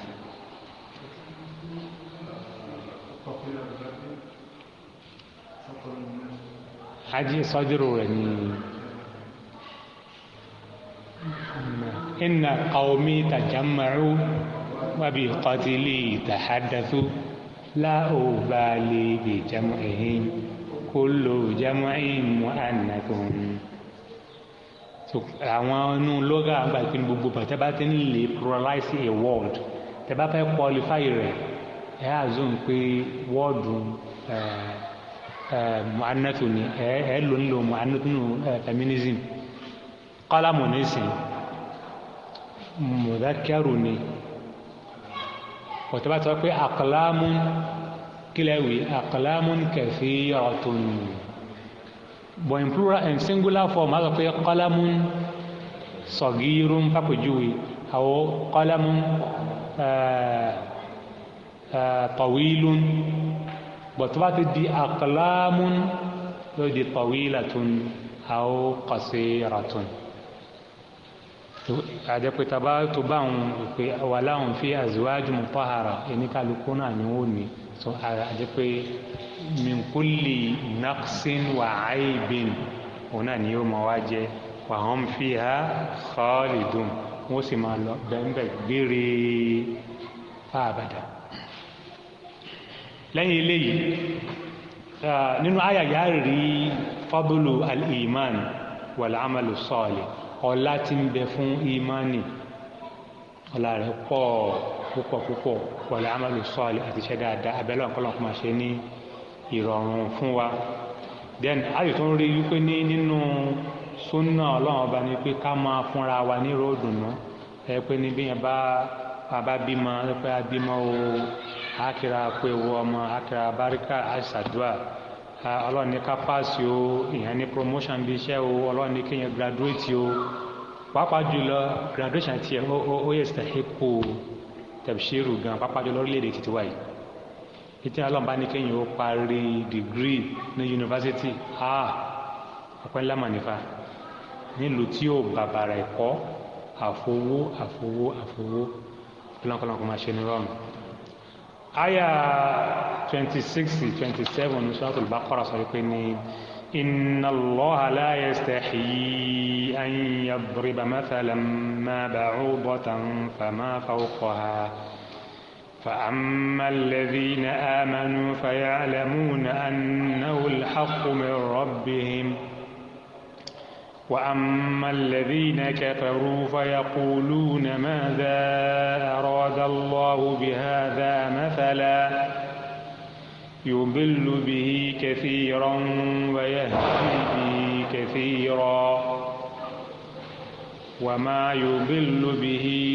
حديث صدره يعني إن قومي تجمعوا وبقتلي تحدثوا لا أبالي بجمعهم كل جمع مؤنث àwọn inú lọ́gà àgbà ìpinnu gbogbo bàtẹ́ bá ti ń lè pluralize a word tẹ́ fẹ́ qualify rẹ̀ ẹ á zoom pé wọ́ọ̀dù muannathu ni ẹ ẹ lò ń lo muannathu nù feminism kọ́lámù nísìn mudhakkaru ni òtí bá ti wá pé àkàlámù kílẹ̀wì àkàlámù kathiratun bọ̀ in plural and singular form a sọ pé kọ́lámù sagirun pápẹ́jùwe àwọn kọ́lámù. آه، طويل وطبعت دي أقلام دي طويلة أو قصيرة عاد يقول تبار ولهم في أزواج مطهرة يعني قالوا كنا نوني من كل نقص وعيب هنا نيوم مواجه وهم فيها خالدون وسمع الله بأنبك بيري أبداً lẹ́yìn eléyìí nínú àyàyà rí fábùlù al-iman wal-amalu salih ọlá tí ń bẹ fún imani ọlá rẹ̀ pọ̀ púpọ̀ púpọ̀ wal-amalu salih àti iṣẹ́ dáadáa abẹ́lẹ́ ọ̀kọ́lọ́ kó máa ṣe ní ìrọ̀rùn fún wa then àyè tó ń rí wípé ní nínú súnà ọlọ́run ọba ni pé ká máa fúnra wa ní ròdùnú ẹ pé ní bí yẹn bá bá bímọ ẹ pé a bímọ o akira pé wọ ọmọ akira barika àṣàdúà ọlọ́run ní ká paasi o èèyàn ní promotion bí iṣẹ́ o ọlọ́run ní kéèyàn graduate o pàápàá jùlọ graduation tiẹ̀ ó yẹ sàhékò tẹ̀síìrù gan pàápàá jùlọ orílẹ̀-èdè títí wáyé ètí ọlọ́run bá ní kéèyàn ó parí degree ní university ah ọpẹ́ ńlá mà nípa nílùú tí ò bàbàrà ẹ̀kọ́ àfowó àfowó àfowó ọlọ́nkọ́lọ́nkọ́ máa ṣe ní rọrùn. آية 26 27 من سورة البقرة سيقيني إن الله لا يستحي أن يضرب مثلا ما بعوضة فما فوقها فأما الذين آمنوا فيعلمون أنه الحق من ربهم ۖ وأما الذين كفروا فيقولون ماذا أراد الله بهذا مثلا يضل به كثيرا ويهدي به كثيرا وما يضل به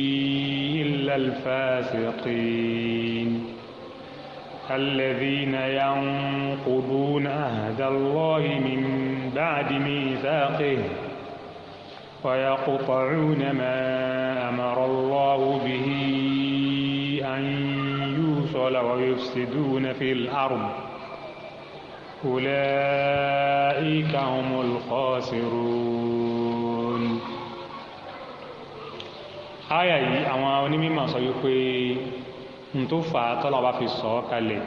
إلا الفاسقين الذين ينقضون عهد الله من بعد ميثاقه فيقطعون ما أمر الله به أن يوصل ويفسدون في الأرض أولئك هم الخاسرون آية أما ونمي ما سيقوي نتوفى طلب في الصوك اللي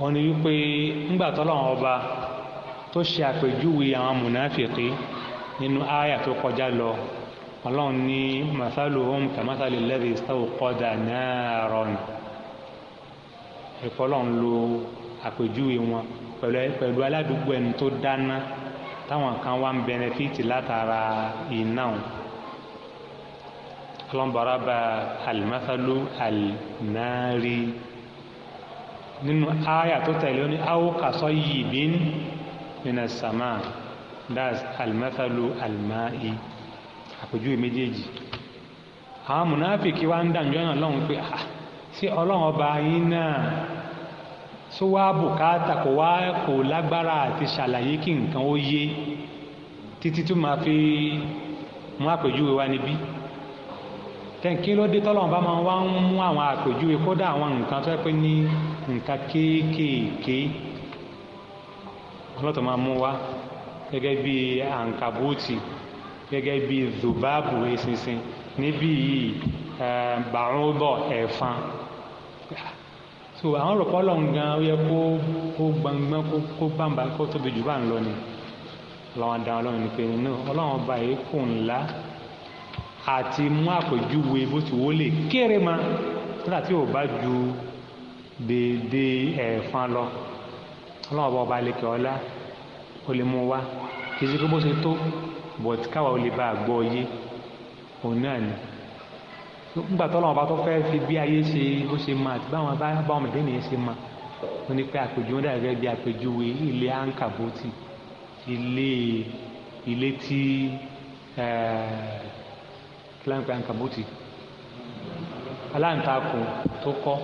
ونمي يقوي نبا طلب تشيك جوي عام منافقي nínú àyà tó kọjá lọ ọlọ́run ní mathaluhum kamathali alladhi istawqada naran ẹ̀kọ́ ọlọ́run lo àpèjúwe wọn pẹ̀lú aládùúgbò ẹni tó dáná táwọn kan wá ń bẹnẹfíìtì látara iná wọn ọlọ́run baraba alinari nínú àyà tó tẹ̀lé ó ní aw kasayyibin minas samaa that's alimathalu alimai àpèjúwe méjèèjì àwọn mùnàfíkì wa ń dànjọ́ náà lọ́hùn pé ah sí ọlọ́run ọba yín náà tó wá bùkátà kò wá kò lágbára àti ṣàlàyé kí nǹkan ó yé títí tó máa fi mú àpèjúwe wa níbí tẹ̀kí ló dé tọ́lọ́run bá máa wá ń mú àwọn àpèjúwe kódà àwọn nǹkan tó yẹ pé ní nǹkan kéékèèké ọlọ́tọ̀ máa mú wá gẹ́gẹ́ bí àǹkàbóòtì gẹ́gẹ́ bí zobabu eṣinṣin níbí yìí eh, bàrúbọ̀ ẹ̀fọn so àwọn rọ̀pọ̀ lọ́ngan ó yẹ kó kó gbangban kó bàǹbà kó tóbi jù bá ń lọ ni ọlọ́wọ́n dáhùn ọlọ́run ní pé inú ọlọ́run ọba yìí kò ńlá àti mú àpèjúwe bó ti wọlé kéré ma nígbà tí ò bá ju déédéé ẹ̀fọn lọ ọlọ́run ọba ọba lè kẹ́ ọ lá ó lè mú wá kì í ṣe pé bó ṣe tó but káwa ó lè bá a gbọ́ yé òun náà ni nígbà tó lọ́wọ́ bá tó fẹ́ fi bí ayé ṣe bó ṣe máa àti báwọn báwọn mẹ̀dé nìyẹn ṣe máa ó ní pé àpèjú wọn dàgẹ́ bí àpèjúwe ilé ankaboti ilé ilé tí kílánpẹ̀ ankaboti aláǹtakùn tó kọ́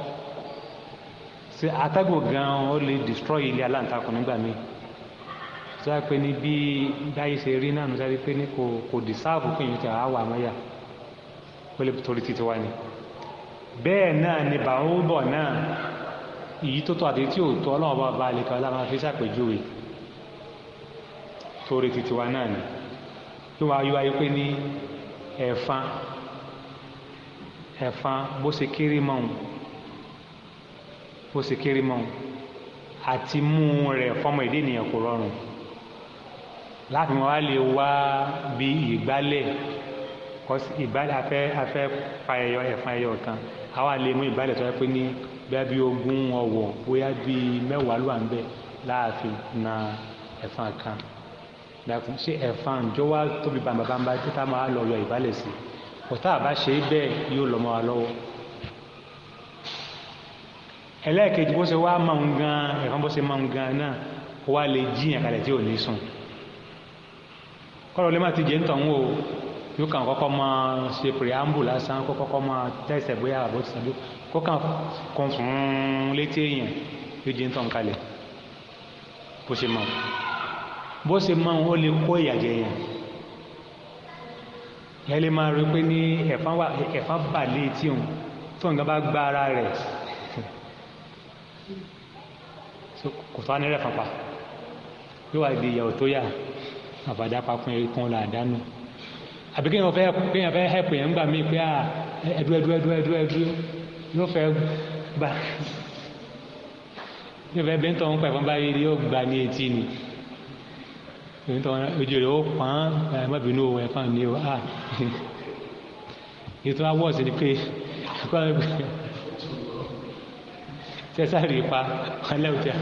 ṣe atẹ́gùn gan-an ó lè destroy ilé aláǹtakùn nígbà míì tó yà pé ní bí dáyé ṣe rí náà nígbà pé ní kò kò dìsáàbù pé èèyàn ti àwà mọ́yà ó torí títí wá ni bẹ́ẹ̀ náà ni bàrúbọ̀ náà èyí tó tọ́ àti tí ò tọ́ ọlọ́run bá ba àlekà ọlá máa fi ṣàpèjúwe torí títí wá náà ni yóò wá yíwáyé pé ní ẹ̀fọn ẹ̀fọn bó ṣe kéré mọ́ òun bó ṣe kéré mọ́ òun àti mú un rẹ̀ fọmọ ìdí ènìyàn kò rọrùn láti wọn wá lè wá bí ìgbálẹ̀ kọ́sí ìgbálẹ̀ afẹ́ afẹ́ pa ẹyọ ẹ̀fọn ẹyọ kan àwa lè mú ìgbálẹ̀ tó yẹ pé ní bẹ́ẹ̀ bí ogún ọwọ̀ bóyá bí mẹ́wàá ló wà ń bẹ̀ láàfin na ẹ̀fọn kan dàkún ṣé ẹ̀fọn ǹjọ́ wá tóbi bàǹbàǹbà títà máa lọ yọ ìgbálẹ̀ sí ọ̀tá àbá ṣe é bẹ́ẹ̀ yóò lọ́mọ wa lọ́wọ́ ẹlẹ́ẹ̀kejì bó ṣe wá máa ń gan ẹ̀fọn bó ṣe máa ń gan náà wá lè jíyàn kalẹ̀ tí ò ní sùn kọ́rọ̀ lè má ti jẹ́ ntọ̀ ń wò yóò kàn kọ́kọ́ máa ṣe preamble lásán kó kọ́kọ́ máa tẹ̀sẹ̀ bóyá àbó ti sàdó kó kàn kún fún létí èèyàn yóò jẹ́ ntọ̀ ń kalẹ̀ bó ṣe máa bó ṣe máa ó lè kó ìyàjẹ́ èèyàn ìyá lè máa rí pé ní ẹ̀fọn bà létí òun tó nǹkan bá gbá ara rẹ̀ kò tó rẹ̀ fapá yóò wá di ìyàwó tó yà àbàdà papọ̀ ẹ̀rí kan là dánù àbí kéèyàn fẹ́ kéèyàn fẹ́ hẹ́pù yẹn ńgbà mí pé à ah, ẹ̀dú ẹ̀dú ẹ̀dú ẹ̀dú ẹ̀dú yóò fẹ́ gbà yóò fẹ́ bẹ́ńtọ̀ ń pẹ̀fọ́n báyìí yóò gbà ní etí ni bẹ́ńtọ̀ ojú rẹ̀ ó pọ́n ẹ̀ mọ́bìnú òun ẹ̀fọn ni ó à ètò awọ́ọ̀sì ni pé tẹ́sàrì pa alẹ́ òtẹ́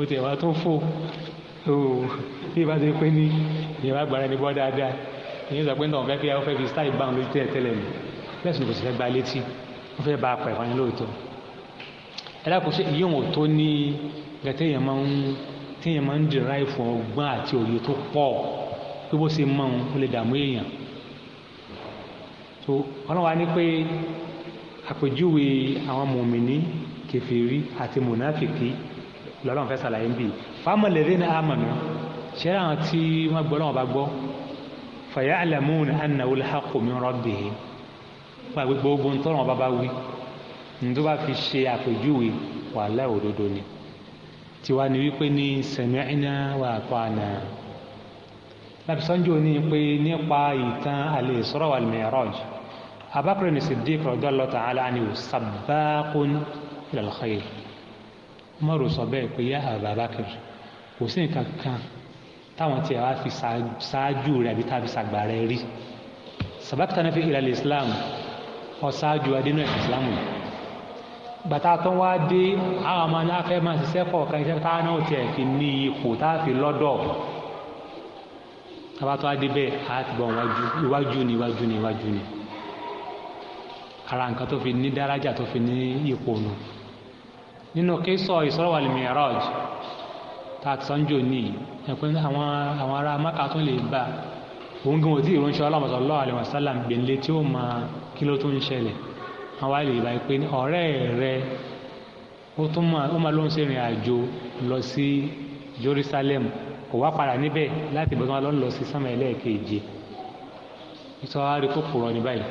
òtẹ́ wa tó fò so bí ìbá ṣe pé ní ìyẹn bá gbára ẹni bọ́ dáadáa ìyẹn sọ pé ní ọ̀fẹ́ pé ó fẹ́ fi style bá òun lójú tẹ́lẹ̀ tẹ́lẹ̀ mi lẹ́sìn kò sì fẹ́ gba létí ó fẹ́ bá apá ìfọyín lóòótọ́ ẹlẹ́kùnṣe ìyẹn ò tó ní gẹ̀tẹ́yìn máa ń téèyàn máa ń dìrá ìfọ̀ ọgbọ́n àti òye tó pọ̀ pé bó ṣe mọ̀ ó lè dààmú èèyàn so ọlọ́wà ní pé àpèjúwe àwọn mùmìnì kẹfìrí àti mùnàfìkì lọ́lọ́run fẹ́ ṣàlàyé ń bì fàámà lẹ́dẹ́ ní àmàmì ṣẹ́rẹ́ àwọn tí wọ́n gbọ́ lọ́wọ́ bá gbọ́ fàyà àlàmúnà ànà wọlé hàkó mi rọ́bì yìí wọ́n àgbẹ̀ gbogbo ntọ́nà ọba bá wí ntọ́ bá fi ṣe àpèjúwe wàhálà òdodo ni tiwa ni wípé ní sami'na wa ata'na labisọ́njú ni pé nípa ìtàn al-Isra wal-Mi'raj abakure ni Siddiq radiyallahu ta'ala anhu sabbaqun ilal khair mọ́rù sọ bẹ́ẹ̀ pé yá Abubakar kò sí nǹkan kan táwọn tiẹ̀ wá fi ṣáájú rẹ̀ àbí táwọn fi ṣàgbà rẹ̀ rí sàbákítà náà fi ìlà lè islam ọ̀ṣáájú adínú ẹ̀sìn islam yìí gbàtà tó wá dé àwọn ọmọ náà fẹ́ máa ṣiṣẹ́ kọ̀ọ̀kan iṣẹ́ táwọn náà tiẹ̀ fi ní ipò táwọn fi lọ́dọ̀ tabatọ́ adébẹ̀ àtibọ̀ iwájú ni iwájú ni iwájú ni ara nǹkan tó fi ní dáràjà tó fi ní ipò nù nínú kí sọ ìsọ̀rọ̀ wal mi'raj tá a ti sanjó ní ẹ̀pẹ́ àwọn àwọn ará maka tún lè bá òun gan òtí ìránṣẹ́ ọlọ́mọ̀tò lọ́wọ́ àlẹ́ wàsálàm gbẹ̀ǹlé tí ó máa kí ló tún ń ṣẹlẹ̀ àwọn àlè ìbá pé ọ̀rẹ́ rẹ ó tún máa ó máa ló ń ṣèrìn àjò lọ sí Jerusalem kò wá padà níbẹ̀ láti bọ́ tó máa lọ lọ sí sánmà ẹlẹ́ẹ̀keje ìtọ́ àárí kò kúrọ̀ ní báyìí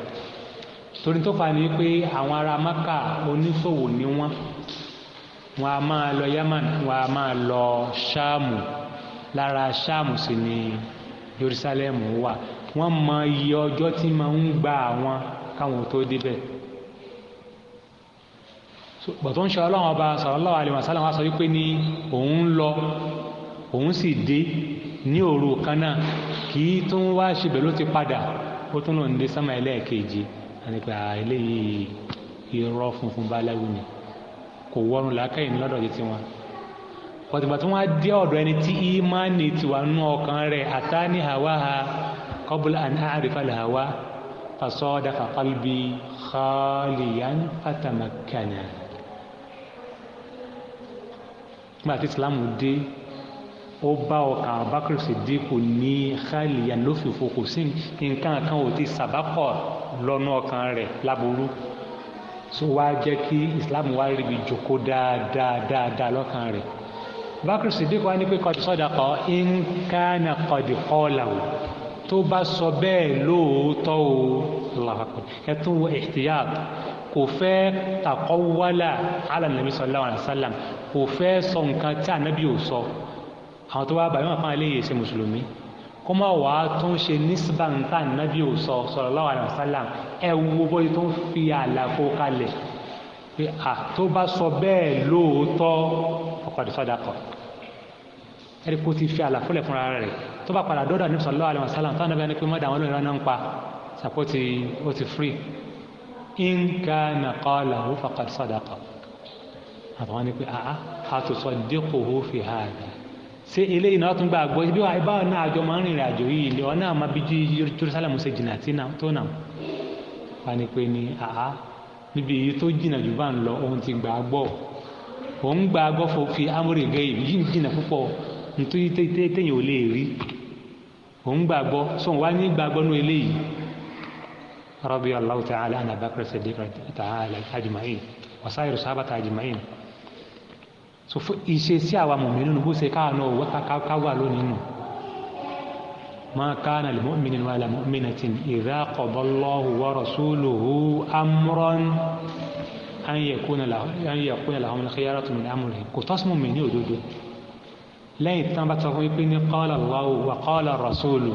torí tó fà ní pé àwọn ará maka oníṣòwò ni wọ́n wọn a máa lọ Yaman wọn a máa lọ ṣáàmù lára ṣáàmù sì ni Jerusalem wà wọ́n mọ iye ọjọ́ tí máa ń gba àwọn káwọn tó débẹ̀ bọ̀tọ̀ ń ṣe ọlọ́run ọba sallallahu alaihi wasallam wá sọ wípé ní òun lọ òun sì dé ní òru kan náà kì í tún wá ṣibẹ̀ ló ti padà ó tún lòun dé sánmà ẹlẹ́ẹ̀kejì àti pé àìlèyìí irọ́ funfun bá lẹ́wù kò wọrùn làákàyè ní lọ́dọ̀ títí wọn kọtìgbà tí wọ́n á dé ọ̀dọ̀ ẹni tí ìmánì tiwa nú ọkàn rẹ̀ àtàní hawa ha kọ́bùlà àná àrífàlẹ̀ hawa fasọ́ọ́dà fàkàlùbí khaliyan fatamakana. nígbà tí islam dé ó bá ọkàn abakar sidiku ní khaliyan lófìfo kò sí nǹkan kan ò ti sàbákọ̀ lọ́nà ọkàn rẹ̀ láburú so wá jẹ́ kí islam wá rí ibi jòkó dáadáa dáadáa lọ́kàn rẹ̀ bákìrì sìdíkù wá ní pé kọ́dí sọ́dà kọ́ nkánà kọ́dí kọ́ọ̀là o tó bá sọ bẹ́ẹ̀ lóòótọ́ o lọ́kàn ẹ̀tún wọ ihtiyab kò fẹ́ taqawwala ala nabi sallallahu alaihi wasallam kò fẹ́ sọ nǹkan tí ànábì ò sọ àwọn tó wá bàbá wọn fún alẹ́ yìí ṣe mùsùlùmí kó má wàá tún ṣe nísìbàǹtà nábì òsọ sallallahu alaihi wasallam ẹ wo bóyá tó ń fi àlàfo kalẹ̀ pé à tó bá sọ bẹ́ẹ̀ lóòótọ́ ọ̀pọ̀dé sọ́dàkọ̀ ẹ̀rí kó ti fi àlàfo lẹ̀ fúnra rẹ̀ tó bá padà dọ́dọ̀ níbi sallallahu alaihi wasallam táwọn nábì ẹni pé mọ́dà àwọn olóyìn náà ń pa sàpó ti ó ti firi in kana qalahu faqad sadaqa àtàwọn ni pé àá àtòsọ dínkù Sị eléyìí náà tún gba gbọ́ bí wàá báwo náà àjọ máa ń rìnrìn àjò yìí ilé wọn náà máa Jerusalem ṣe jìnnà tó náà wà ní pé ní àá níbi èyí tó jìnnà jù bá ń lọ ohun ti gbà gbọ́ òun gbà gbọ́ fi amúrè gẹ yìí jìnnà púpọ̀ nítorí téèyàn ò lè rí òun gbà gbọ́ sọ wá ní gbà gbọ́ nú eléyìí so ìṣesí àwa mọ̀mìnì nù bó ṣe káwa náà wọ́n ta káwa lónìí nù ma kana lil mu'minin wa la mu'minatin idha qadallahu wa rasuluhu amran an yakuna lahum an yakuna lahum al-khiyaratu min amrihim kò tọ́sùn mọ̀mìnì òdodo lẹ́yìn tí wọ́n bá tọ́ fún yín pé ní qala Allahu wa qala rasulu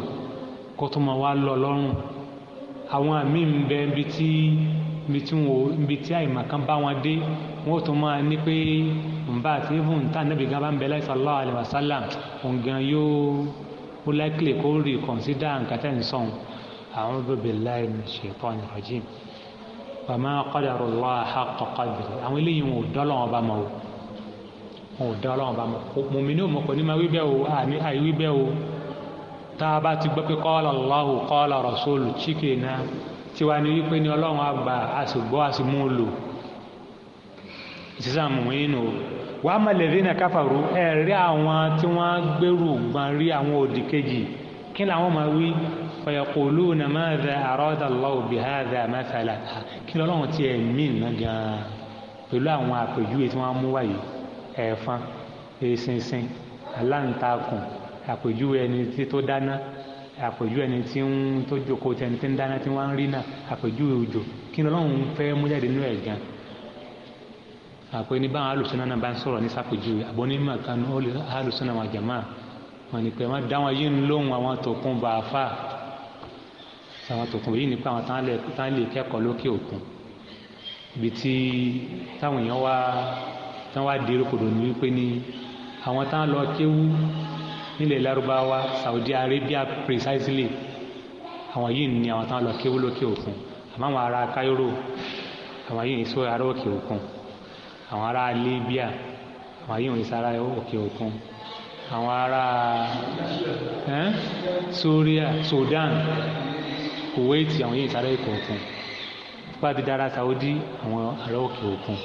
kó tó máa wá lọ lọ́rùn àwọn àmì ń bẹ ibi tí ibi tí àìmọ̀kan bá wọn dé wọn ò tún máa ní pé nba àti ihun tá nẹ́bí gan bá ń bẹ láì sallallahu alaihi wasallam òun gan yóò ó láìpìlẹ̀ kó rí kọ̀nsídà nǹkan tẹ̀ ń sọ̀n a'udhu billahi minash shaitanir rajim wa ma qadarullaha haqqa qadrihi àwọn eléyìí wọn ò dọ́lọ́ wọn bá mọ̀ o wọn ò dọ́lọ́ wọn bá mọ̀ o mùmí ní òmùkọ́ ní ma wí bẹ́ẹ̀ o àní àìwí bẹ́ẹ̀ o tá a bá ti gbọ́ pé qala Allahu qala rasulu chike náà tiwa ni wípé ni ọlọ́run àgbà àsìgbọ́ àsìmú ìṣẹ́sà mùmínú o wàá mọ̀lẹ́bí náà káfàrú ẹ̀rí àwọn tí wọ́n gbèrú gbọ́n rí àwọn òdì kejì kí làwọn máa wí fọyọ̀kọ̀lù náà máa dẹ àròdà lọ́wọ́ bí ha dẹ àmẹ́fẹ́lá kí lọ́lọ́run ti ẹ̀ mí iná gan-an pẹ̀lú àwọn àpèjúwe tí wọ́n mú wáyé ẹ̀fọn eṣinṣin aláǹtakùn àpèjúwe ẹni tí tó dáná àpèjúwe ẹni tí ń tó jókòó tẹni tí ń dáná tí wọ́n ń rí náà àpèjúwe òjò kí lọ́lọ́run fẹ́ mú jáde nínú ẹ̀ gan-an àpò ní báwọn alùsùnà náà bá ń sọ̀rọ̀ ní sàpèjúwe àbọ̀ ní màkánú alùsùnà wà jàmá wọn ni pé wọn dáwọn yìí ń lóhùn àwọn tòkun bá a fà àwọn tòkun yìí ni pé àwọn táwọn lè kẹ́kọ̀ọ́ lókè òkun ibi tí táwọn èèyàn wá táwọn wá di erékodò ní wípé ní àwọn táwọn lọ kéwú nílẹ̀ Lárúbáwá Saudi Arabia precisely àwọn yìí ni àwọn táwọn lọ kéwú lókè òkun àmọ́ àwọn ará Cairo àwọn yìí ń sọ àwọn ará Libya àwọn yìí wọ̀nyí sára òkè òkun àwọn ará Syria Sudan Kuwait àwọn yìí sára òkè òkun bá ti dára Saudi àwọn ará òkè òkun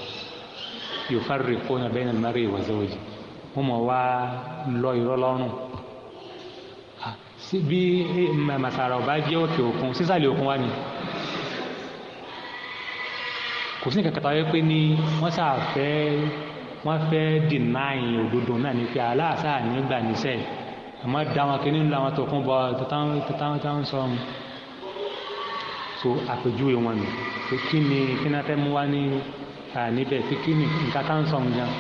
yufarriquna bayna al-mar'i wa zawji wọ́n mọ̀ wá lọ irọ́ lọ́rùn ah, bí eh, masara ọba jẹ́ òkè òkun sísàlẹ̀ òkun wá ni kò sí nǹkan kan táwọn pé ní wọ́n sà fẹ́ wọ́n fẹ́ deny òdodo náà ní pé aláàṣà nígbà níṣẹ́ àmọ́ da wọn kí nínú làwọn tó kún bọ tọ́tàn tọ́tàn sọ ọ́n so àpèjúwe wọn nù pé kí ni kí náà fẹ́ mú wá ní níbẹ̀ pé kí ni nǹkan tá ń sọ ọ́n gan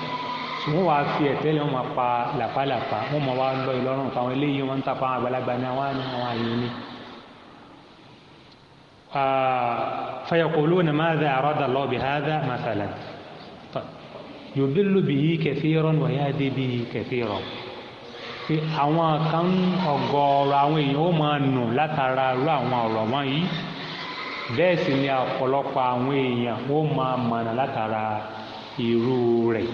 wọ́n wá fi ẹ̀tẹ́ lé wọn máa pa làpálàpá wọ́n máa wá lọ ìlọrùn fáwọn eléyìí wọ́n ń ta fáwọn àgbàlagbà ní àwọn àyè ni. آه، فيقولون ماذا أراد الله بهذا مثلا طيب، يضل به كثيرا ويهدي به كثيرا في أوان كان أقول أوان يومان لا ترى أوان أوان بس ni ọ̀pọ̀lọpọ̀ àwọn èèyàn ó máa mọ̀nà látara irú rẹ̀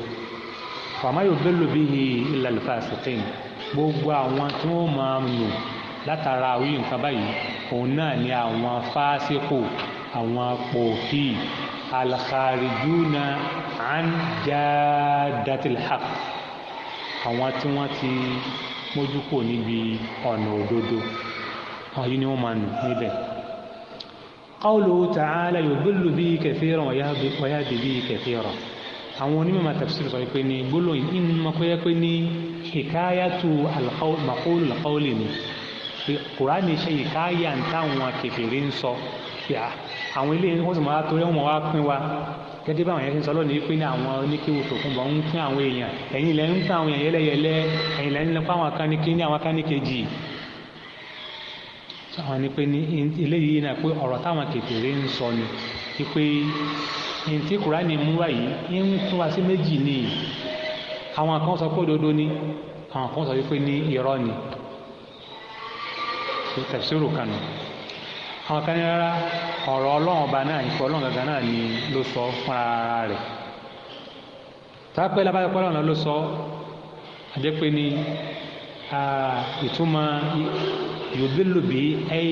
fàmáyò bẹ́ẹ̀ lòbí ilẹ̀ alifásitìn gbogbo àwọn tí látara àwọn nǹkan báyìí òun náà ni àwọn fásikù àwọn pòkì alkharijuna an jadatil haq àwọn tí wọ́n ti mójú kò níbi ọ̀nà òdodo àwọn yìí ni wọ́n máa nù níbẹ̀. qawluhu ta'ala yudillu bihi kathiran wa yahdi bihi kathiran àwọn onímọ̀ máa tafsir sọ pé ní gbólóyìn ìmọ̀ kọ́yẹ́ kùránì ṣe ìkáyà ń táwọn kèfèrí ń sọ pé àwọn ilé wọn sì máa torí wọn wá pín wa gẹ́gẹ́ báwọn yẹn ṣe ń sọ lónìí pé ní àwọn oníkéwu tòkunbọ̀ ń pín àwọn èèyàn ẹ̀yin lẹ́yìn ń pín àwọn èèyàn yẹlẹyẹlẹ ẹ̀yin lẹ́yìn lẹ́yìn fáwọn akáníkè ní àwọn akáníkèjì àwọn ni pé ní eléyìí náà pé ọ̀rọ̀ táwọn kèfèrí ń sọ ni pé ntí kùránì mú wa yìí ń fún wa sí méjì ni àwọn kan sọ pé òdodo ni àwọn kan sọ pé ní irọ́ ni tó tafsiru kanu àwọn kan ní rárá ọ̀rọ̀ ọlọ́run ọba náà ìfọ̀ ọlọ́run gàgà náà ni ló sọ fún ara rẹ̀ tápẹ́ lábáyọpọ̀ ọlọ́run ló sọ àjẹpẹ́ ni ìtumọ̀ yòdìlùbí ẹ̀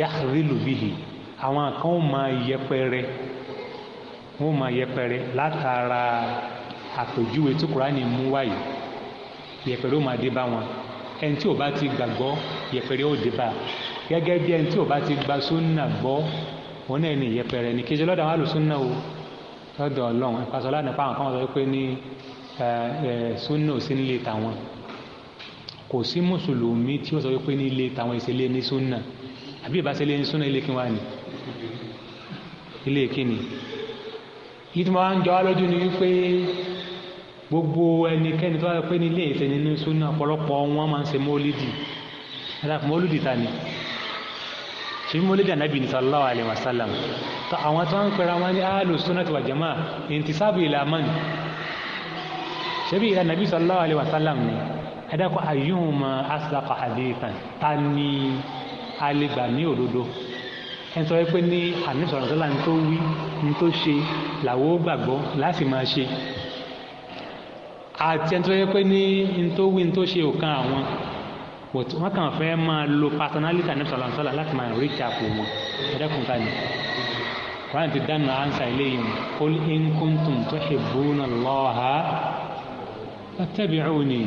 yàrìlùbíhì àwọn kan ó máa yẹpẹrẹ wọ́n máa yẹpẹrẹ látara àpèjúwe tí kùránì mú wáyé yẹpẹrẹ ó máa dé bá wọn ẹni tí ò bá ti gbàgbọ́ yẹpẹrẹ ó dé bá gẹ́gẹ́ bí ẹni tí ò bá ti gba súnà gbọ́ òun náà ní yẹpẹrẹ ní kejì lọ́dọ̀ àwọn àlùsúnà o lọ́dọ̀ ọlọ́run ìpàṣọ lánàá fáwọn kan sọ pé ní súnà ò sí nílé tàwọn kò sí mùsùlùmí tí ó sọ pé ní ilé tàwọn ìṣẹ̀lẹ̀ ní súnà àbí ìbáṣẹlẹ ní súnà ilé kí wà ní ilé kíni yìí tí mo ń jọ wá lójú ni wípé gbogbo ẹnikẹ́ni tó bá yẹ pé nílé ìfẹ́ nínú súnà ọ̀pọ̀lọpọ̀ wọn máa ń ṣe mọ́lídì ẹ̀dàkùn mọ́lídì ta ni ṣèbí mọ́lídì ànábì ní sallallahu alayhi wa sallam tó àwọn tó ń pera wọn ní ahlu sunnati wal jamaa intisabu ila man ṣèbí ìlà nàbí sallallahu alayhi wa sallam ni ẹ̀dàkùn ayyuhuma asdaqa hadithan ta ni alẹ́gbà ní òdodo ẹ̀ sọ pé ní àníṣọ̀rọ̀ sọ́lá àti ẹni tó yẹ pé ní ntòwí ntòṣe òkan àwọn but wọn kàn fẹ́ máa lo personality anabi sọlá sọlá láti máa rí ìtàkùn wọn ẹ̀dẹ́kùn ká ní wọn ti dáná ansa eléyìí mu qul in kuntum tuhibbuna Allaha fattabi'uni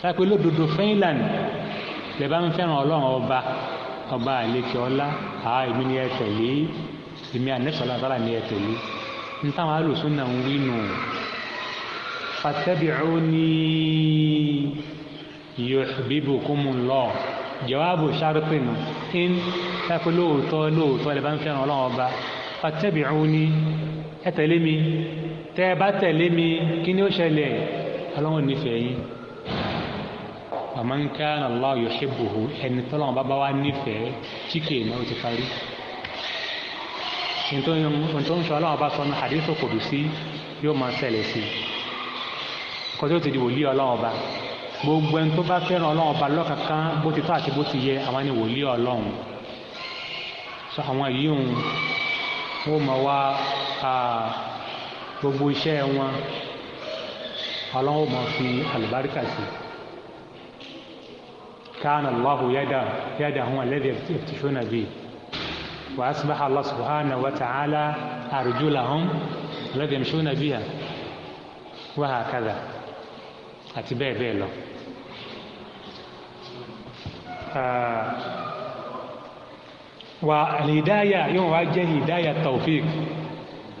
sápẹ́ lódodo finland lè bá ń fẹ́ràn ọlọ́run ọba ọba àlekè ọlá àá èmi ni ẹ tẹ̀lé èmi anabi sọlá sọlá ni ẹ tẹ̀lé n táwọn alùsùn náà ń wí nù fattabi'uni yuhibbukum Allah jawabu sharti nù in sáfẹ́ lóòótọ́ lóòótọ́ ẹ̀ bá ń fẹ́ràn ọlọ́run ọba fattabi'uni ẹ tẹ̀lé mi tẹ́ ẹ bá tẹ̀lé mi kí ni ó ṣẹlẹ̀ ọlọ́run nífẹ̀ẹ́ yín man kana Allah yuhibbuhu ẹni tọ́lọ́run bá bá wá nífẹ̀ẹ́ chíkè náà ó ti parí nítorí ohun tó ń sọ ọlọ́run bá sọ ní hadith qudsi yóò kọjọ tó di wòlíì ọlọ́run ba gbogbo ẹni tó bá fẹ́ràn ọlọ́run ọba lọ́kàkán bó ti tó àti bó ti yẹ àwọn ni wòlíì ọlọ́run sọ àwọn yìí ń wọ́n mọ̀ wá gbogbo iṣẹ́ wọn ọlọ́run ó mọ̀ fi àlùbáríkà sí كان الله يده يدهم الذي يفتشون به وأصبح الله سبحانه وتعالى أرجلهم الذي يمشون بها kada àti bẹ́ẹ̀ bẹ́ẹ̀ lọ. wa alhidaya yóò wá jẹ́ hidaya taufik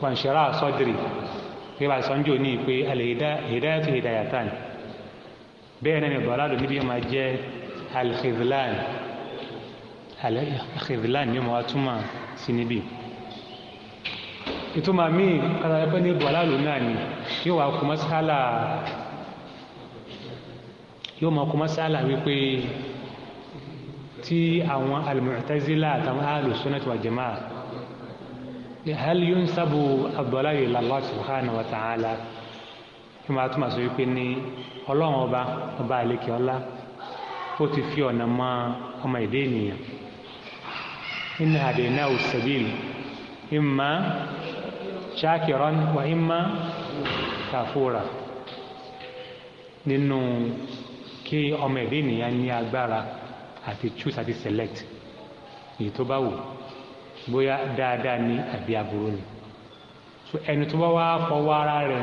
wa nṣẹ́ra sọ́dìrì pé bá sọ́njọ́ ní pé alhidaya tó hidaya tán bẹ́ẹ̀ náà ni bọ̀ládù níbi yóò máa jẹ́ alhidlan alhidlan yóò máa túmọ̀ sí níbi ìtumọ̀ míì kátàlẹ́pẹ́ ní bọ̀ládù náà ni yóò wá kú masala yóò máa kó mọ́sálà wípé tí àwọn al-Mu'tazila àtàwọn Ahlus-Sunnah wal Jama'ah hal yunsabu ad-dalal ila Allah subhanahu wa ta'ala kí wọ́n á túmọ̀ sí wípé ní ọlọ́run ọba ọba àlekè ọlá ó ti fi ọ̀nà mọ ọmọ ìdí ènìyàn inna hadaynahu as imma shakiran wa imma kafura nínú kí ọmọ ẹ̀dẹ́ ènìyàn ní agbára àti choose àti select èyí tó bá wù bóyá dáadáa ní àbí aburú ni so ẹni tó bá wá fọwọ́ ara rẹ̀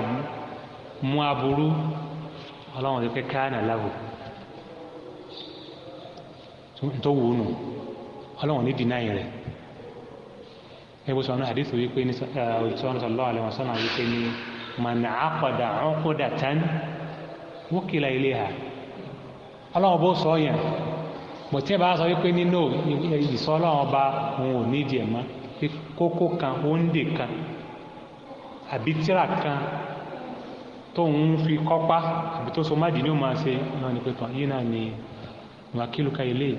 mú aburú ọlọ́run ti fẹ́ káànà láwù tó wù ú nù ọlọ́run ní dìnnáyìn rẹ̀ ẹbí sọ náà àdìsí wípé ní ọ̀sán eh, sallallahu alaihi wasallam wípé ní man aqada uqdatan wukila ilayha ọlọ́run bó sọ yẹn bò tí ẹ bá sọ wípé nínú ìsọ ọlọ́run ọba òun ò nídìí ẹ̀ mọ́ kókó kan òǹdè kan àbí tíra kan tóun fi kọ́pá àbí tó so mádìí ni ó máa ṣe náà ni pé tán yìí náà ni wàkílùkà ilé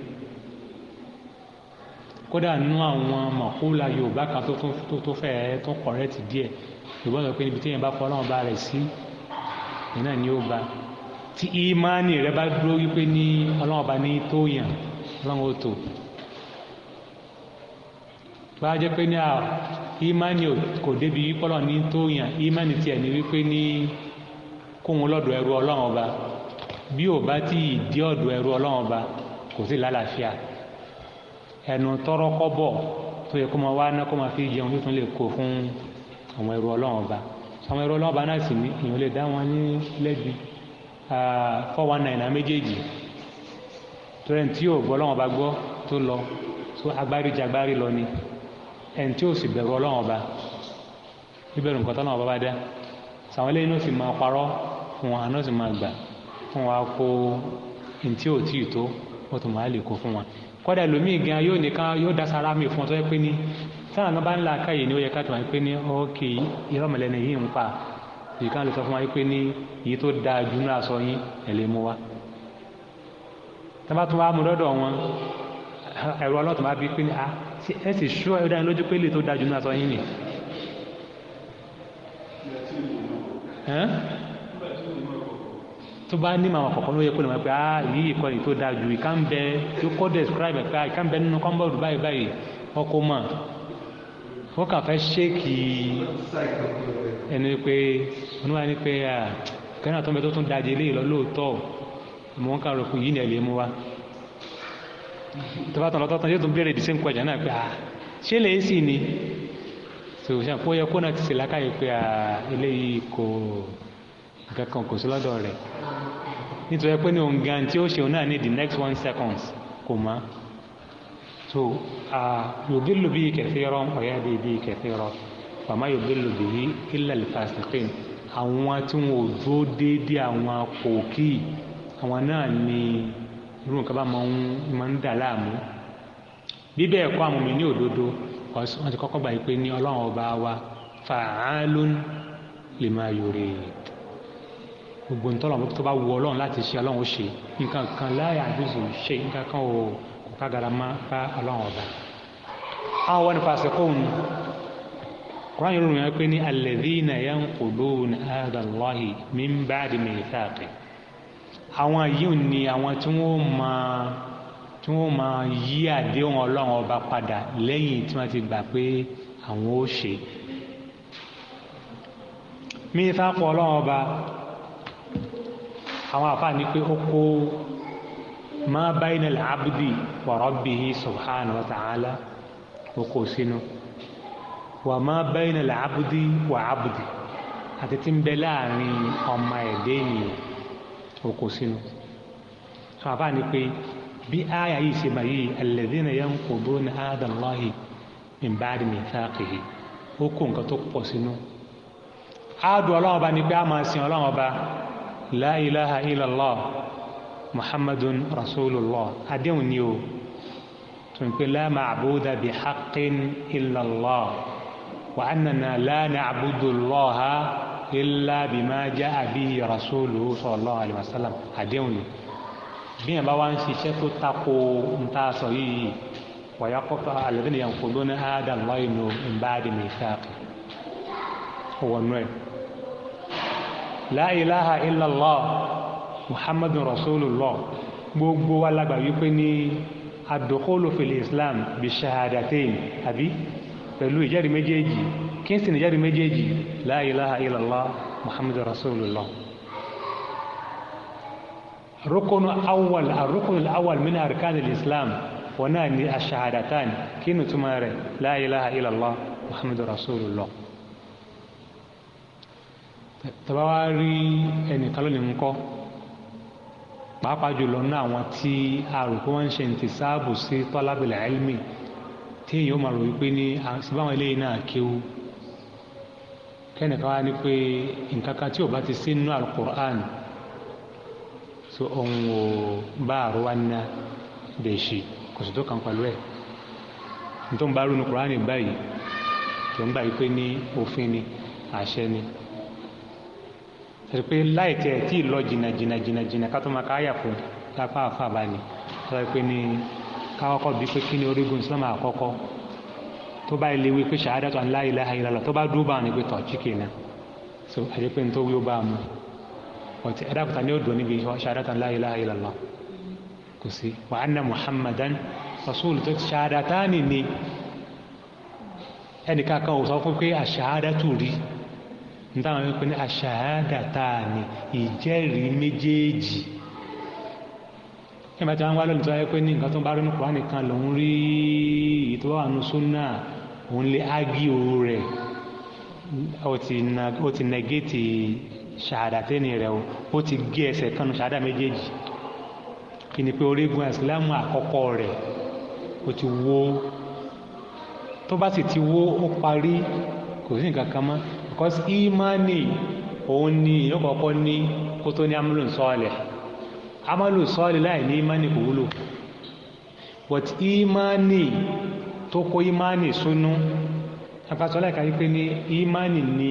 kódà nú àwọn mọ̀kúlà yorùbá kan tó tó fẹ́ tó kọ̀rẹ́tì díẹ̀ yorùbá sọ pé níbi tí yẹn bá fọ́ ọlọ́run bá rẹ̀ sí yẹn náà ni ó ba tí ìmánì rẹ bá dúró wípé ní ọlọ́run bá ní tó yàn ọlọ́run ó tó bá jẹ́ pé ní ìmánì kò débi wípé ọlọ́run ní tó yàn ìmánì tiẹ̀ ní wípé ní kóhun lọ́dọ̀ ẹrú ọlọ́run ọba bí ò bá tí ì dé ọ̀dọ̀ ẹrú ọlọ́run ọba kò sí lálàáfíà ẹnu tọrọ kọ́bọ̀ tó yẹ kó máa wá ná kó máa fi jẹun tó tún lè kó fún àwọn ẹrú ọlọ́run ọba àwọn ẹrú ọlọ́run ọba náà sì ní èèyàn lè dá wọn ní lẹ́bi four one nine méjèèjì torí ẹni tí yóò gbọ́ ọlọ́wọ́n ọba gbọ́ tó lọ tó agbárí ju agbárí lọ ni ẹni tí yóò sì bẹ̀rù ọlọ́wọ́n ọba bíbẹ̀rù nǹkan tọ́lọ́wọ́n ọba bá dá sàwọn eléyìí náà sì máa parọ́ fún wa náà sì máa gbà fún wa kó ẹni tí yóò tí ì tó wọ́n tún máa lè kó fún wa kọ́dà lómii gan yóò nìkan yóò dá sára mi fún ọ tó yẹ pé ní táwọn náà bá ń la akáyè ni ó yẹ ká tó wà pé ní ọ́ọ́kì ìrọ̀mọ̀lẹ́ni yìí ń pa ìka lè sọ fún wa pé ní iye tó dáa jù ní aṣọ yín ẹ̀ lè mú wa tọ́ba tún wá mú lọ́dọ̀ wọn ẹ̀rọ ọlọ́tún máa bí pé ní a ah, ẹ sì ṣú ẹ dání lójú pé lè tó dáa jù ní aṣọ yín nì. tó bá ní màmá kọ̀ọ̀kan ló yẹ kó lè máa pé a ah, yìí ìkọ́ yìí tó dáa jù ìka ń kọ́ describe ẹ̀ pé a ah, nínú kọ́ńbọ̀dù báyìí báyìí ọkọ̀ mọ̀ ó kàn fẹ́ ṣéèkì ẹni pé oníwà ni pé kẹ́nà tó ń bẹ tó tún dajì eléyìí lọ lóòótọ́ mo ń kàrò kù yìí ni ẹ lè mú wa tó bá tán lọ́tọ́ tán yóò tún béèrè ìdí sí ń kọjá náà pé ṣé lè sí ni sòwòsàn kó yẹ kó náà ti ṣe lákàyè pé eléyìí kò nǹkan kan kò sí lọ́dọ̀ rẹ̀ nítorí pé ní òun gan tí ó ṣe òun náà ní the next one seconds kò mọ́ so uh, yudillu bihi kathiran wa yahdi bihi kathiran wa ma yudillu bihi illa al-fasiqin àwọn tí wọn ò dúró déédéé àwọn kòkì àwọn náà ni irú nǹkan bá máa ń dà láàmú bíbẹ̀ ẹ̀kọ́ àwọn mi ní òdodo wọ́n ti kọ́kọ́ gbà yí pé ní ọlọ́run ọba wa fa'alun lima yurid gbogbo ntọ́lọ́run tó bá wù ọlọ́run láti ṣe ọlọ́run ó ṣe nǹkan kan la ya'juzu shay nǹkan kan ò ká garama bá ọlọ́run ọba àwọn wọn fàṣẹ kóun kúránì lónìí wọn pé ní alladhina yanquduna ahda Allahi min ba'di mithaqi àwọn yìí ni àwọn tí wọ́n máa tí wọ́n máa yí àdéhùn ọlọ́run ọba padà lẹ́yìn tí ti gbà pé àwọn ó ṣe mithaqi ọlọ́run ọba àwọn àfáà ní pé ó kó. ما بين العبد وربه سبحانه وتعالى وقوسين وما بين العبد وعبد هتتم بلاني أما يديني وقوسين فأباني قي بآية يسمعي الذين ينقضون آد الله من بعد ميثاقه وكون كتوك قوسينه آد والله باني بأما سين الله با لا إله إلا الله محمد رسول الله عديو نيو تنقل لا معبود بحق إلا الله وأننا لا نعبد الله إلا بما جاء به رسوله صلى الله عليه وسلم عديو نيو بين بوان سيشك تقو انتاسوي ويقف الذين ينقضون هذا الله من بعد ميثاقه هو النوع لا إله إلا الله muhammadu rasulullah gbogbo wa lágbà wípé ní adkhulu fil islam bi shahadatain àbí pẹ̀lú ìjẹ́rìí méjèèjì kínsìn ìjẹ́rìí méjèèjì la ilaha illallah muhammadu rasulullah rukunu awal arukunu awal min arkan islam wọn náà ni ashahadatan kí ni túmọ̀ rẹ̀ la ilaha illallah muhammadu rasulullah tabawa rí ẹnìkan lónìí pàápàá jùlọ ní àwọn tí a rò pé wọ́n ń ṣe ntì sáàbù sí tọ́lábìlà ẹlmi tí èèyàn máa rò wípé ní àṣìbáwọn eléyìí náà kéwu kẹ́nìkan wá ní pé nǹkan kan tí ò bá ti sí nínú alukur'an so òun ò bá àrùwá ná lè ṣe kò sì tó kàn pẹ̀lú ẹ̀ nítorí bá rú ní kur'an báyìí tó ń báyìí pé ní òfin ni àṣẹ ni pé láì tiẹ̀ tí ì lọ jìnnà jìnnà jìnnà jìnnà ká tó máa ká yàfọ̀ lápá àfàbà ni sọ pé ní káwọ́kọ́ bíi pé kí ni orígun Islam àkọ́kọ́ tó bá ilé wí pé ṣahadatu an la ilaha illallah tó bá dúró bá wọn ni pé tọ̀ chíkì náà so àti pé nítorí ó bá mu ọ̀tí ẹ̀dá kùtà ni ó dùn níbi ṣahadatu an la ilaha illallah kò sí wa anna Muhammadan rasul tó ṣahadata ni ni ẹnì kankan ò sọ fún pé àṣahadatu rí nítawọn ẹni pé ní aṣahadataani ìjẹ́rìí méjèèjì nígbà tí wọ́n wá lónìí tó wáyé pé ní nǹkan tó ń bá ronú kúrò nìkan lòún rí èyí tó wà nù súnà òun lè ági òru rẹ̀ ó ti nẹgẹ́tì ṣàdàtẹ́ni rẹ̀ o ó ti gé ẹsẹ̀ kan nù ṣàdà méjèèjì kí ni pé orígun ìsìlámù àkọ́kọ́ rẹ̀ ó ti wó tó bá sì ti wó ó parí kò sí nǹkan kan mọ́ because imani òun ni èèyàn kọ́kọ́ ní kó tó ní amúlò sọ́ọ̀lẹ̀ amúlò sọ́ọ̀lẹ̀ láì ní imani kò wúlò but imani tó kó imani súnú akasọ́lá ìka yìí pé ní imani ni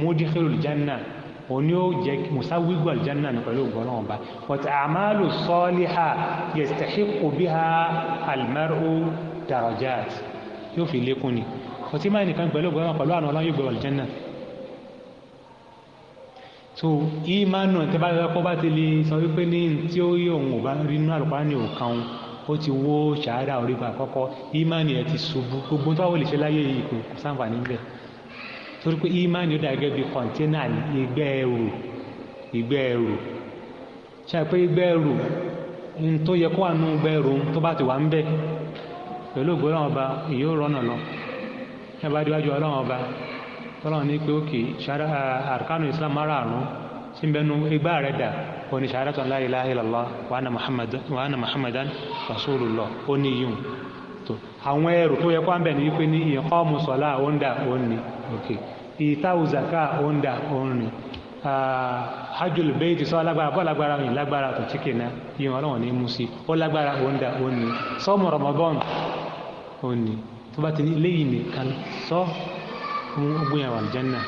múdíkìlù janna òun ni ó jẹ́ musawigu aljanna ní pẹ̀lú ògbọ́n náà ba but amalu sọ́ọ̀lìhà yastahiqu biha almaru darajat yóò fi lékún ni but imani kan pẹ̀lú ògbọ́n náà pẹ̀lú àwọn ọlọ́run yóò gbẹ̀rù aljanna so ìmánu ẹ̀ tẹ́bá lọ́kọ́ bá ti lè sọ wípé ní tí ó yí òun ò bá rí inú àlùkò ní òkan òun ó ti wó ṣàárà orí ìgbà àkọ́kọ́ ìmánu ẹ̀ ti ṣubú gbogbo tó àwọn olùṣẹ́ láyé yìí kò sáǹfà níbẹ̀ torí pé ìmánu ó dà gẹ́gẹ́ bí kọ̀ńténà ìgbẹ́ ẹrù ìgbẹ́ ẹrù ṣe ìgbẹ́ ẹrù ní tó yẹ kó wà nù ìgbẹ́ ẹrù tó bá ti wà ń bẹ̀ pẹ̀lú ògbó tọ́lọ́run ní pé òkè àrùkánù islam márààrún tí ń bẹnu igbá rẹ̀ dà ó ní ṣahadatu an la ilaha illallah wa anna muhammadan wa anna muhammadan rasulullah ó ní yíyún tó àwọn ẹrù tó yẹ kó à ń bẹ̀ ní wípé ní iqamu sala ó ń dà ó ń ní òkè ìtawù zaka ó ń dà ó ń ní hajjul beyti sọ lágbára bọ́ lágbára yìí lágbára tó tí kìíná yìí wọn ní mú sí ó lágbára ó ń dà ó ní sọ́mu ramadan ó ní tó bá ti ní léyìn nìkan sọ́ fún ogún ẹ̀wà àlùjànnà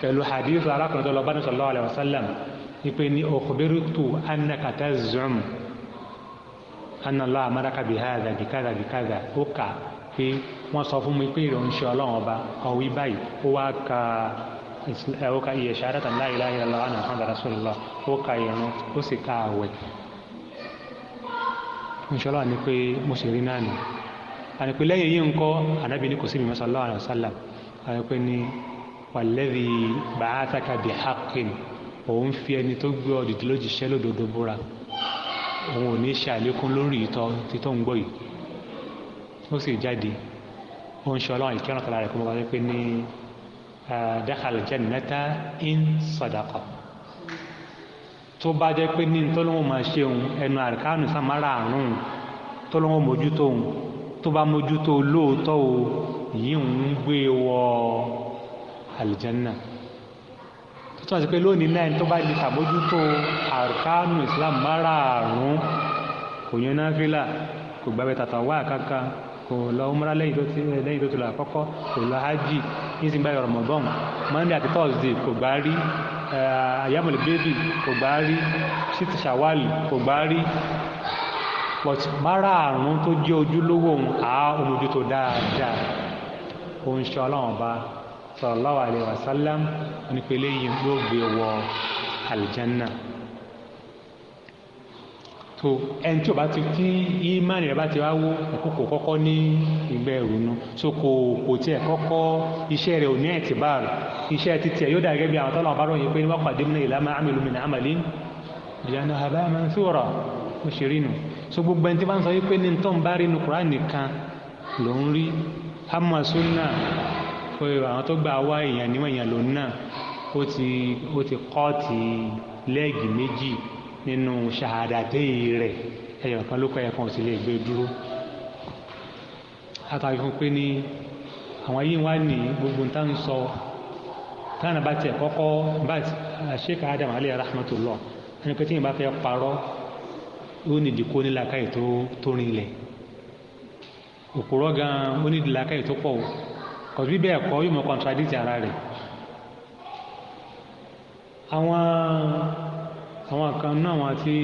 pẹ̀lú hadith arákùnrin tó lọ bá ní sallallahu alaihi wasallam ìpè ní ukhbirtu annaka taz'um anna Allah amaraka bihadha bikadha bikadha ó kà pé wọ́n sọ fún mi pé ìròyìn ṣe ọlọ́run ọba ọ̀wí báyìí ó wá ka ó ka iye ṣahadatan la ilaha illallah anna muhammadar rasulullah ó ka ìrun ó sì ka àwẹ̀ inshallah ni pé mo sì rí náà ni àní pé lẹ́yìn yìí ń kọ́ ànábì ní kò sí mi sallallahu alaihi wasallam àyẹ̀pẹ́ ni wàlẹ́rì bàátàkà bí hakin òun fi ẹni tó gbé ọ dìde lójíṣẹ́ lódodo búra òun ò ní ṣe àlékún lórí ìtọ́ títọ́ ń gbọ́ yìí ó sì jáde ó ń ṣe ọlọ́run ìkẹ́rùn kan lára ẹ̀kọ́ mọ́ba pé ní dakhala jannata in sadaqa tó bá jẹ́ pé ní tọ́lọ́wọ́n máa ṣe òun ẹnu àríkánu samara àrùn tọ́lọ́wọ́n mójútó òun tó bá mójútó lóòótọ́ o yìí ń gbé wọ àlìjánná tó túmọ̀ sí pé lónìí náà tó bá di sàmójútó àrkánù islam márààrún kò yan náfìlà kò gbàgbé tàtà wá kankan kò lọ umra lẹ́yìn tó ti eh, lẹ́yìn tó ti lọ àkọ́kọ́ kò lọ hajj yìí sì ń gbàgbé ramadan monday àti thursday kò gbá rí àyàmọ̀lẹ̀ eh, bébì kò gbá rí sítì sàwálì kò gbá rí but márààrún tó jẹ́ ojúlówó òun àá omojútó dáadáa òun ṣe ọlọ́run ọba sallallahu alaihi wasallam onípele yìí ló gbé wọ aljanna tó ẹni tí o bá ti kí ìmánì rẹ bá ti wá wó kókò kọ́kọ́ ní ìgbẹ́ ìrònú so kò kò tiẹ̀ kọ́kọ́ iṣẹ́ rẹ ò ní ẹ̀tì báàrù iṣẹ́ títí ẹ̀ yóò dà gẹ́gẹ́ bí àwọn tọ́lọ̀ ọ̀bárò yìí pé ní wọ́n pàdé múlẹ̀ ìlànà àmìlú máa ń sòrọ̀ ó amma sunna pé àwọn tó gbà wá èèyàn níwọ̀n èèyàn lòun náà ó ti ó ti kọ́ọ̀tì lẹ́ẹ̀gì méjì nínú ṣahadatéyì rẹ̀ ẹ̀yọ̀ kan ló kọ́ ẹ̀kan ò sì lè gbé dúró àtàwọn fún pé ní àwọn yìí wá ní gbogbo ń tán sọ táwọn bá tiẹ̀ kọ́kọ́ bá Sheikh Adam alayhi rahmatullah ẹni pé tí yìí bá fẹ́ parọ́ ó nìdí kó nílàkàyè tó tó rinlẹ̀ òpùrọ́ gan onídìlákàyè tó pọ̀ o kọ̀tù bíbẹ̀ ẹ̀kọ́ yóò mọ contradict ara rẹ̀ àwọn àwọn kan náà wọn tí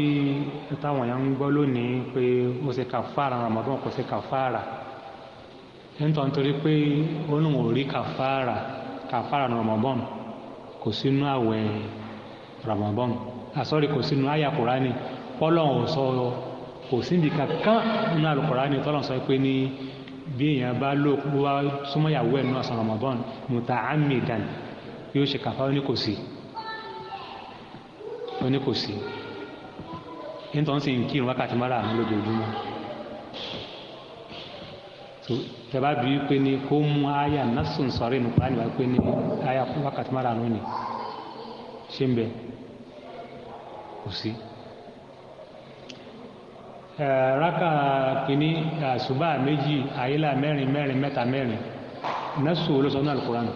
táwọn yẹn ń gbọ́ lónìí pé ó ṣe kàfàrà Ramadan kò ṣe kàfàrà nítorí nítorí pé ó lóun ò rí kàfàrà kàfàrà Ramadan kò sínú àwẹ̀ Ramadan àsọ̀rí ah, kò sínú àyà Kùránì pọ́lọ́n ò sọ ọ́ kò síbi kankan nínú Al-Qur'ani tọ́lọ̀ sọ pé ní bí èèyàn bá lò wá súnmọ́yàwó ẹ̀ nínú ọ̀sán Ramadan muta'ammidan yóò ṣe kàfá oníkòsí oníkòsí nítorí sì ń kírun wákàtí mara àwọn lójoojúmọ́ tẹ́bá bí pé ní kó mú àyà násùn sọ̀rọ̀ ìnù Kùránì wá pé ní àyà wákàtí mara àwọn ni ṣé ń bẹ kò sí raka kìíní àṣùbà méjì àyílà mẹ́rin mẹ́rin mẹ́ta mẹ́rin nẹ́sù olóṣọ́nà alukuran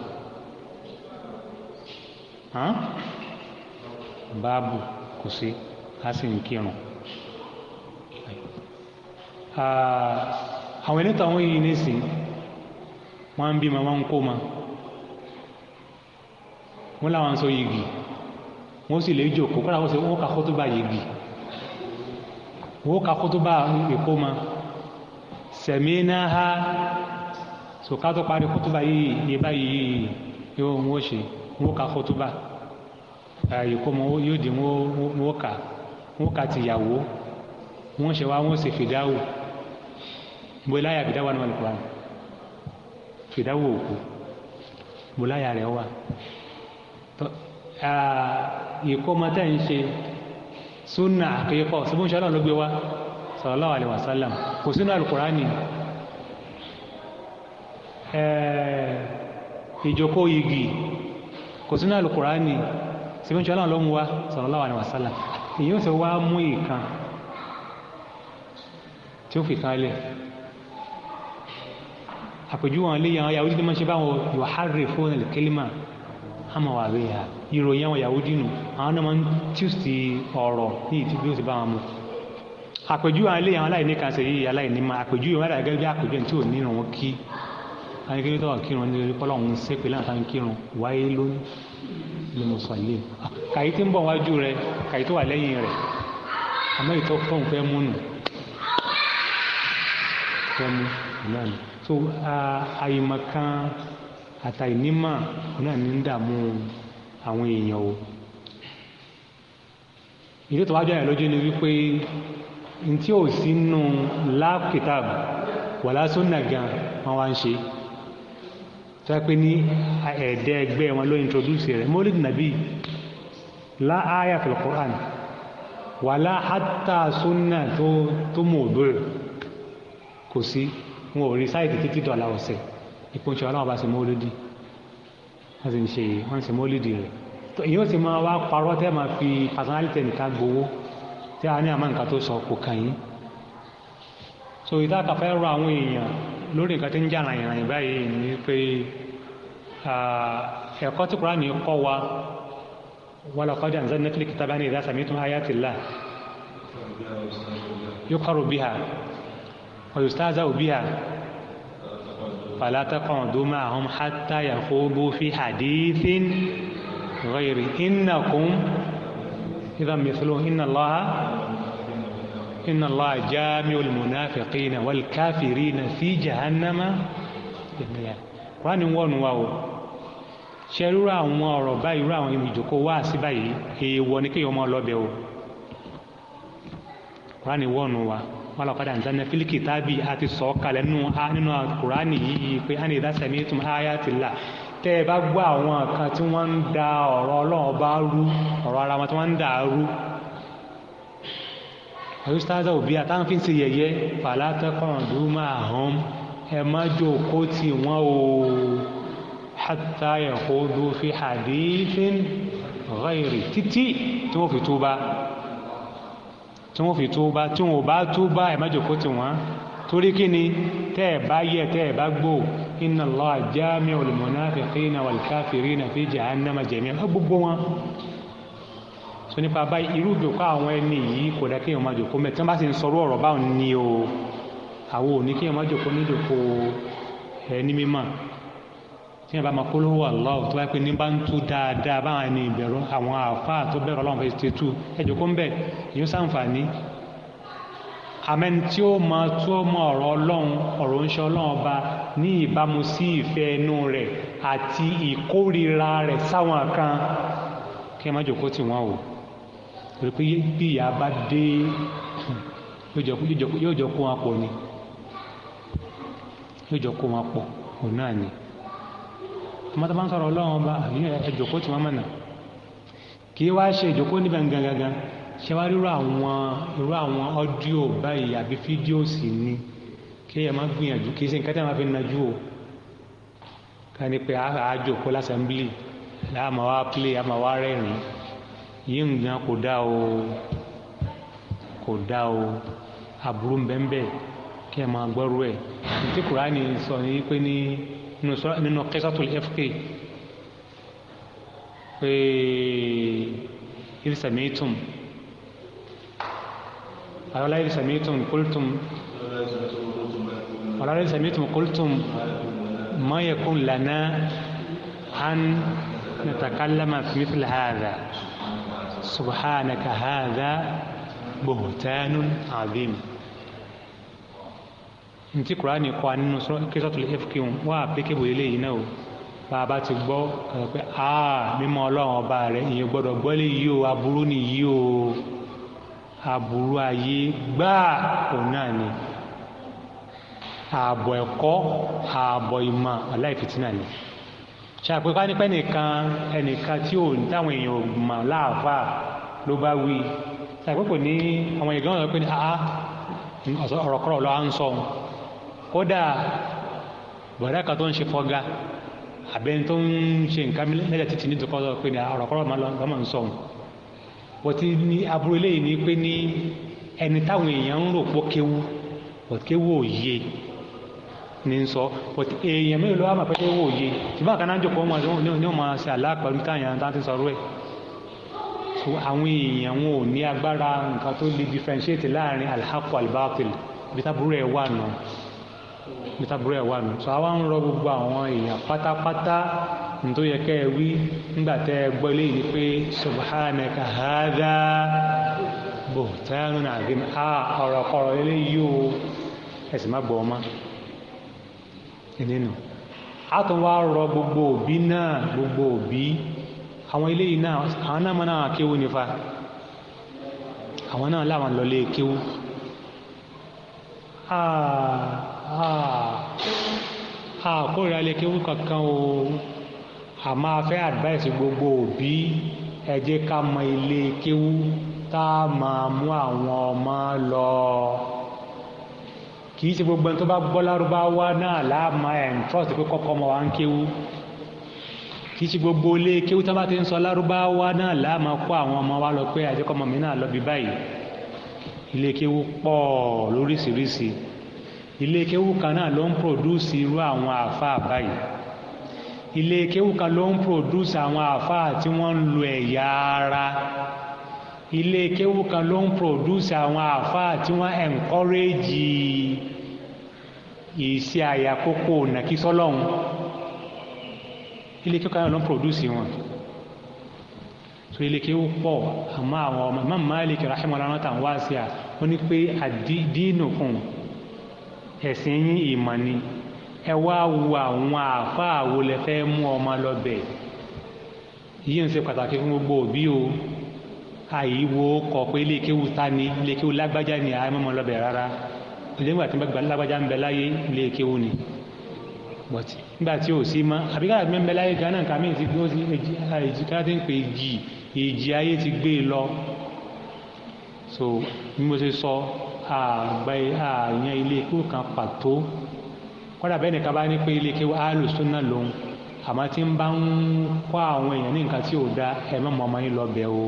báàbù kò sí a sì ń kírun àwọn ẹlẹ́tọ̀ àwọn yìí nísìn wọ́n ń bí ma wọ́n ń kó ma wọ́n láwọn sọ yìí gì wọ́n sì lè jòkó kọ́ra wọ́n sì wọ́n kà kó tó bá yìí gì wo ka kutuba ìkómọ sẹmínà ha sòkátó parí kutuba yìí yìí báyìí yóò ń wò ṣe ka kutuba ìkómọ yóò di ń wò ka ń wò ka tìyàwó ń wò ṣe wá ń wò ṣe fìdáwò bóyá yà fìdáwò àwọn àlùkò àná fìdáwò òkú bóyá yà rẹ wà ìkómọ tá à ń ṣe sunna àkíkọ̀ síbúnṣẹ́ ọlọ́run ló gbé wá sallallahu alaihi wasallam kò sínú alukurani ìjókòó igi kò sínú alukurani síbúnṣẹ́ ọlọ́run ló mú wá sallallahu alaihi wasallam èyí ó sì wá mú ìkan tí ó fi kan lẹ̀ àpèjúwọ̀n lè yan yahoo jíjẹ́ máa ṣe báwọn yuharrifuna al-kalima ama wà bẹ́ẹ̀ yà ìròyìn àwọn Yahudi nù àwọn náà máa ń tíùsì ọ̀rọ̀ ní ìtú bí ó ti bá wọn mu àpèjúwe àwọn eléyàwó aláìní kan ṣe yìí aláìní ma àpèjúwe wọn dàgẹ́ bí àpèjúwe tí ò ní irun wọn kí ayékéyé tó wà kírun ní orí kọ́lọ́ òun ṣépè láwọn táwọn kírun wáyé lónìí ló mọ̀ sọ ilé kàyí tí ń bọ̀ wájú rẹ kàyí tó wà lẹ́yìn rẹ àmọ́ ìtọ́ fóun fẹ́ mú fẹ́ mú náà so àyèmọ̀ kan àtàìnímà náà ní ń dààmú àwọn èèyàn o ìdí tó wá jẹ́ àyànlójú ni wípé n tí ò sí nù láàpìtàb wà lásán nàgà wọn wá ń ṣe tó yẹ pé ní ẹ̀ẹ́dẹ́ ẹgbẹ́ wọn ló introduce rẹ̀ mọ́lid nàbí láàyà fil Qur'an wà láhàtà sunna tó mú òdó rẹ̀ kò sí wọn ò rí sáìtì títí dọ̀là ọ̀sẹ̀ ipò ìṣọ́ aláwọ̀ bá ṣe mọ́lódì wọ́n sì ń ṣe wọ́n ṣe mọ́lódì rẹ̀ tó èyí ó sì máa wá parọ́ tẹ́ máa fi personality nìkan gbowó tẹ́ a ní àmọ́ nǹkan tó sọ kò kàn yín so ìdáàkà fẹ́ rọ àwọn èèyàn lórí nǹkan tí ń jà ràyìn ràyìn báyìí ni pé ẹ̀kọ́ tí Kùránì kọ́ wa wọ́n lọ kọ́jà nzẹ́ nẹ́tìlì kìtàbá ní ìdá sàmìtún ayatillah yóò kọ́rọ̀ bí فلا تقعدوا معهم حتى يخوضوا في حديث غير إنكم إذا مثلوا إن الله إن الله جامع المنافقين والكافرين في جهنم جميعا wọ́n ní wọ́n wọn lọ padà nzanna fili kitaabi àti sọ̀kalẹ̀ nínú a nínú alukurani yìí pé àni idha sami'tum ayati Allah tẹ́ ẹ bá gbọ́ àwọn kan tí wọ́n ń da ọ̀rọ̀ Ọlọ́run bá rú ọ̀rọ̀ ara wọn tí wọ́n ń dà rú àyùsọ táwọn òbí àtàwọn fi ń ṣe yẹ̀yẹ́ fala taq'udu ma'ahum ẹ má jókòó tì wọ́n o hatta yahudu fi hadithin ghayri títí tí wọ́n fi túbà tí wọ́n fi túbá tí wọ́n bá túbá ẹ̀ má jòkó tì wọ́n torí kí ni tẹ́ ẹ̀ bá yẹ tẹ́ ẹ̀ bá gbò inna Allah jami'ul munafiqina wal kafirina fi jahannama jami'a gbogbo wọn so nípa báyìí irú ìjòkó àwọn ẹni yìí kò dá kéèyàn má jòkó mẹ́ tí wọ́n bá sì ń sọ̀rọ̀ ọ̀rọ̀ báwọn ni o àwọn ò ní kéèyàn má jòkó níjòkó ẹni mímọ́ tí yẹn bá máa polówó Allah tó bá pè ní bá ń tú dáadáa báwọn ẹni ìbẹ̀rù àwọn àáfàá tó bẹ̀rù ọlọ́run fẹ́ẹ́ ṣe tú ẹjọ́ kó ń bẹ̀ èyí ó sàǹfààní àmẹ́ni tí ó máa tú ọmọ ọ̀rọ̀ ọlọ́run ọ̀rọ̀ ńṣe ọlọ́run ọba ní ìbámu sí ìfẹ́ inú rẹ̀ àti ìkórira rẹ̀ sáwọn kan kí ẹ má jòkó tì wọ́n o torí pé bí ìyá bá dé yóò jọ kó wọn pọ̀ ni yóò jọ kó wọn pọ̀ òun náà ni mọ́tò bá ń sọ̀rọ̀ ọlọ́run ọba àbí ẹjọ́kó tí wọ́n mọ̀nà kì joko wá ṣe gangan ṣe wá rírọ àwọn irú àwọn ọ́díò báyìí àbí fídíò ni kí ẹ má gbìyànjú kì í ṣe nǹkan tí a máa fi najú o ká ní pé àájòkó lásàmbílì láàmà wá play àmà wá rẹ́rìn yìí nǹkan kò dá o kò dá o aburú ń bẹ́ẹ̀ bẹ́ẹ̀ kí ẹ máa gbọ́rú ẹ̀ tí kùránì sọ ní pé ní. منه قصة الإفك إيه، إذ سميتم ألا إذ سميتم قلتم ألا إذ سميتم قلتم ما يكون لنا أن نتكلم في مثل هذا سبحانك هذا بهتان عظيم ntí kuraani kọ́ nínú kíṣọ́tù fqm wọ́n àpékébù eléyìí náà o bàbá ti gbọ́ pé aa mímọ́ ọlọ́run ọba rẹ̀ ìyẹn gbọ́dọ̀ gbọ́ léyìí o aburú nìyí o aburú ayé gbáà òun náà ni ààbọ̀ ẹ̀kọ́ ààbọ̀ ìmọ̀ aláìfitínà ni ṣàpè ká nípa ẹnìkan ẹnìkan tí ò ní táwọn èèyàn ò mọ̀ láàfáà ló bá wí ṣàpè ní àwọn èèyàn náà pé ní ọ̀rọ̀ kọ́rọ̀ lọ́wọ́ à ń sọ kódà bọ̀dá kan tó ń ṣe fọ́gá àbẹ́ni tó ń ṣe nǹkan mẹ́lẹ̀ títí ní pe sọ pé ọ̀rọ̀ ń aburú eléyìí ni pé ní ẹni táwọn èèyàn ń rò pọ́ kéwu bọ́tí kéwu ò ni ń sọ bọ́tí èèyàn mélòó lọ́wọ́ àmọ́ pé kéwu ò yé ṣùgbọ́n àkànná jòkó wọn ní wọn máa ṣe ti so àwọn èèyàn gbẹtàbúrò ẹ̀ wà nù sọ àwọn ń rọ gbogbo àwọn èèyàn pátápátá nítorí yẹ kẹ́ ẹ wí nígbà tẹ́ ẹ gbọ́ lé yìí pé subhanaka hadha buhtanun azim a ọ̀rọ̀kọ̀rọ̀ eléyìí o ẹ̀sìn má gbọ́ wá rọ gbogbo òbí náà gbogbo òbí àwọn eléyìí náà àwọn náà máa kéwú nífa àwọn náà láwọn lọ lé a ah, ah, kórìíra lè kéwú kankan o a máa fẹ́ advice gbogbo òbí ẹ jẹ́ ká mọ ilé kéwú tá a máa mú àwọn ọmọ lọ kì í ṣe gbogbo ẹni tó bá gbọ́ lárúbáwá náà láàmà ẹ̀ ń trust pé kọ́kọ́ ọmọ wa ń kéwú kì í ṣe gbogbo ilé kéwú tá a bá ti ń sọ lárúbáwá náà láàmà kó àwọn ọmọ wa lọ pé àjẹkọ́ ọmọ mi náà lọ bí báyìí ilé kéwú pọ̀ lóríṣiríṣi ilé kéwù kan náà ló ń produce irú àwọn àáfàá báyìí ilé kéwù kan ló ń produce àwọn àáfàá tí wọ́n ń lo ẹ̀yà ara ilé kéwù kan ló ń produce àwọn àáfàá tí wọ́n encourage ìṣe àyàkókò nàkísọ́lọ́hún ilé kéwù kan náà ló ń produce wọn so ilé kéwù pọ̀ àmọ́ àwọn ọmọ Imam Malik rahimahullah tàn wá sí à wọ́n ní pé àdínù kùn ẹ̀sìn yín ìmọ̀ ni ẹ wá wo àwọn àáfàá wo lẹ fẹ́ mú ọmọ lọ bẹ̀ yìí ń ṣe pàtàkì fún gbogbo òbí o àyíwo kọ pé iléekéwu ta ni iléekéwu lágbájá ni àá mọ̀ lọ bẹ̀ rárá lẹ́yìn àti gbàgbà lágbájá ń bẹ láyé iléekéwu ni but nígbà tí ò sí mọ́ àbí káyà mi ń bẹ láyé gánà kàmí ti gbé ó ti èjì káyà ti ń pè èjì èjì ayé ti gbé e lọ so bí mo ṣe sọ. So, àgbà àyàn ilé kéwù kan pàtó kọ́dà bẹ́ẹ̀ nìkan bá ní pé ilé kéwù alùsùnà lòun àmọ́ tí ń bá ń kọ́ àwọn èèyàn ní nǹkan tí ò da ẹ má mọ ọmọ yín lọ bẹ̀ o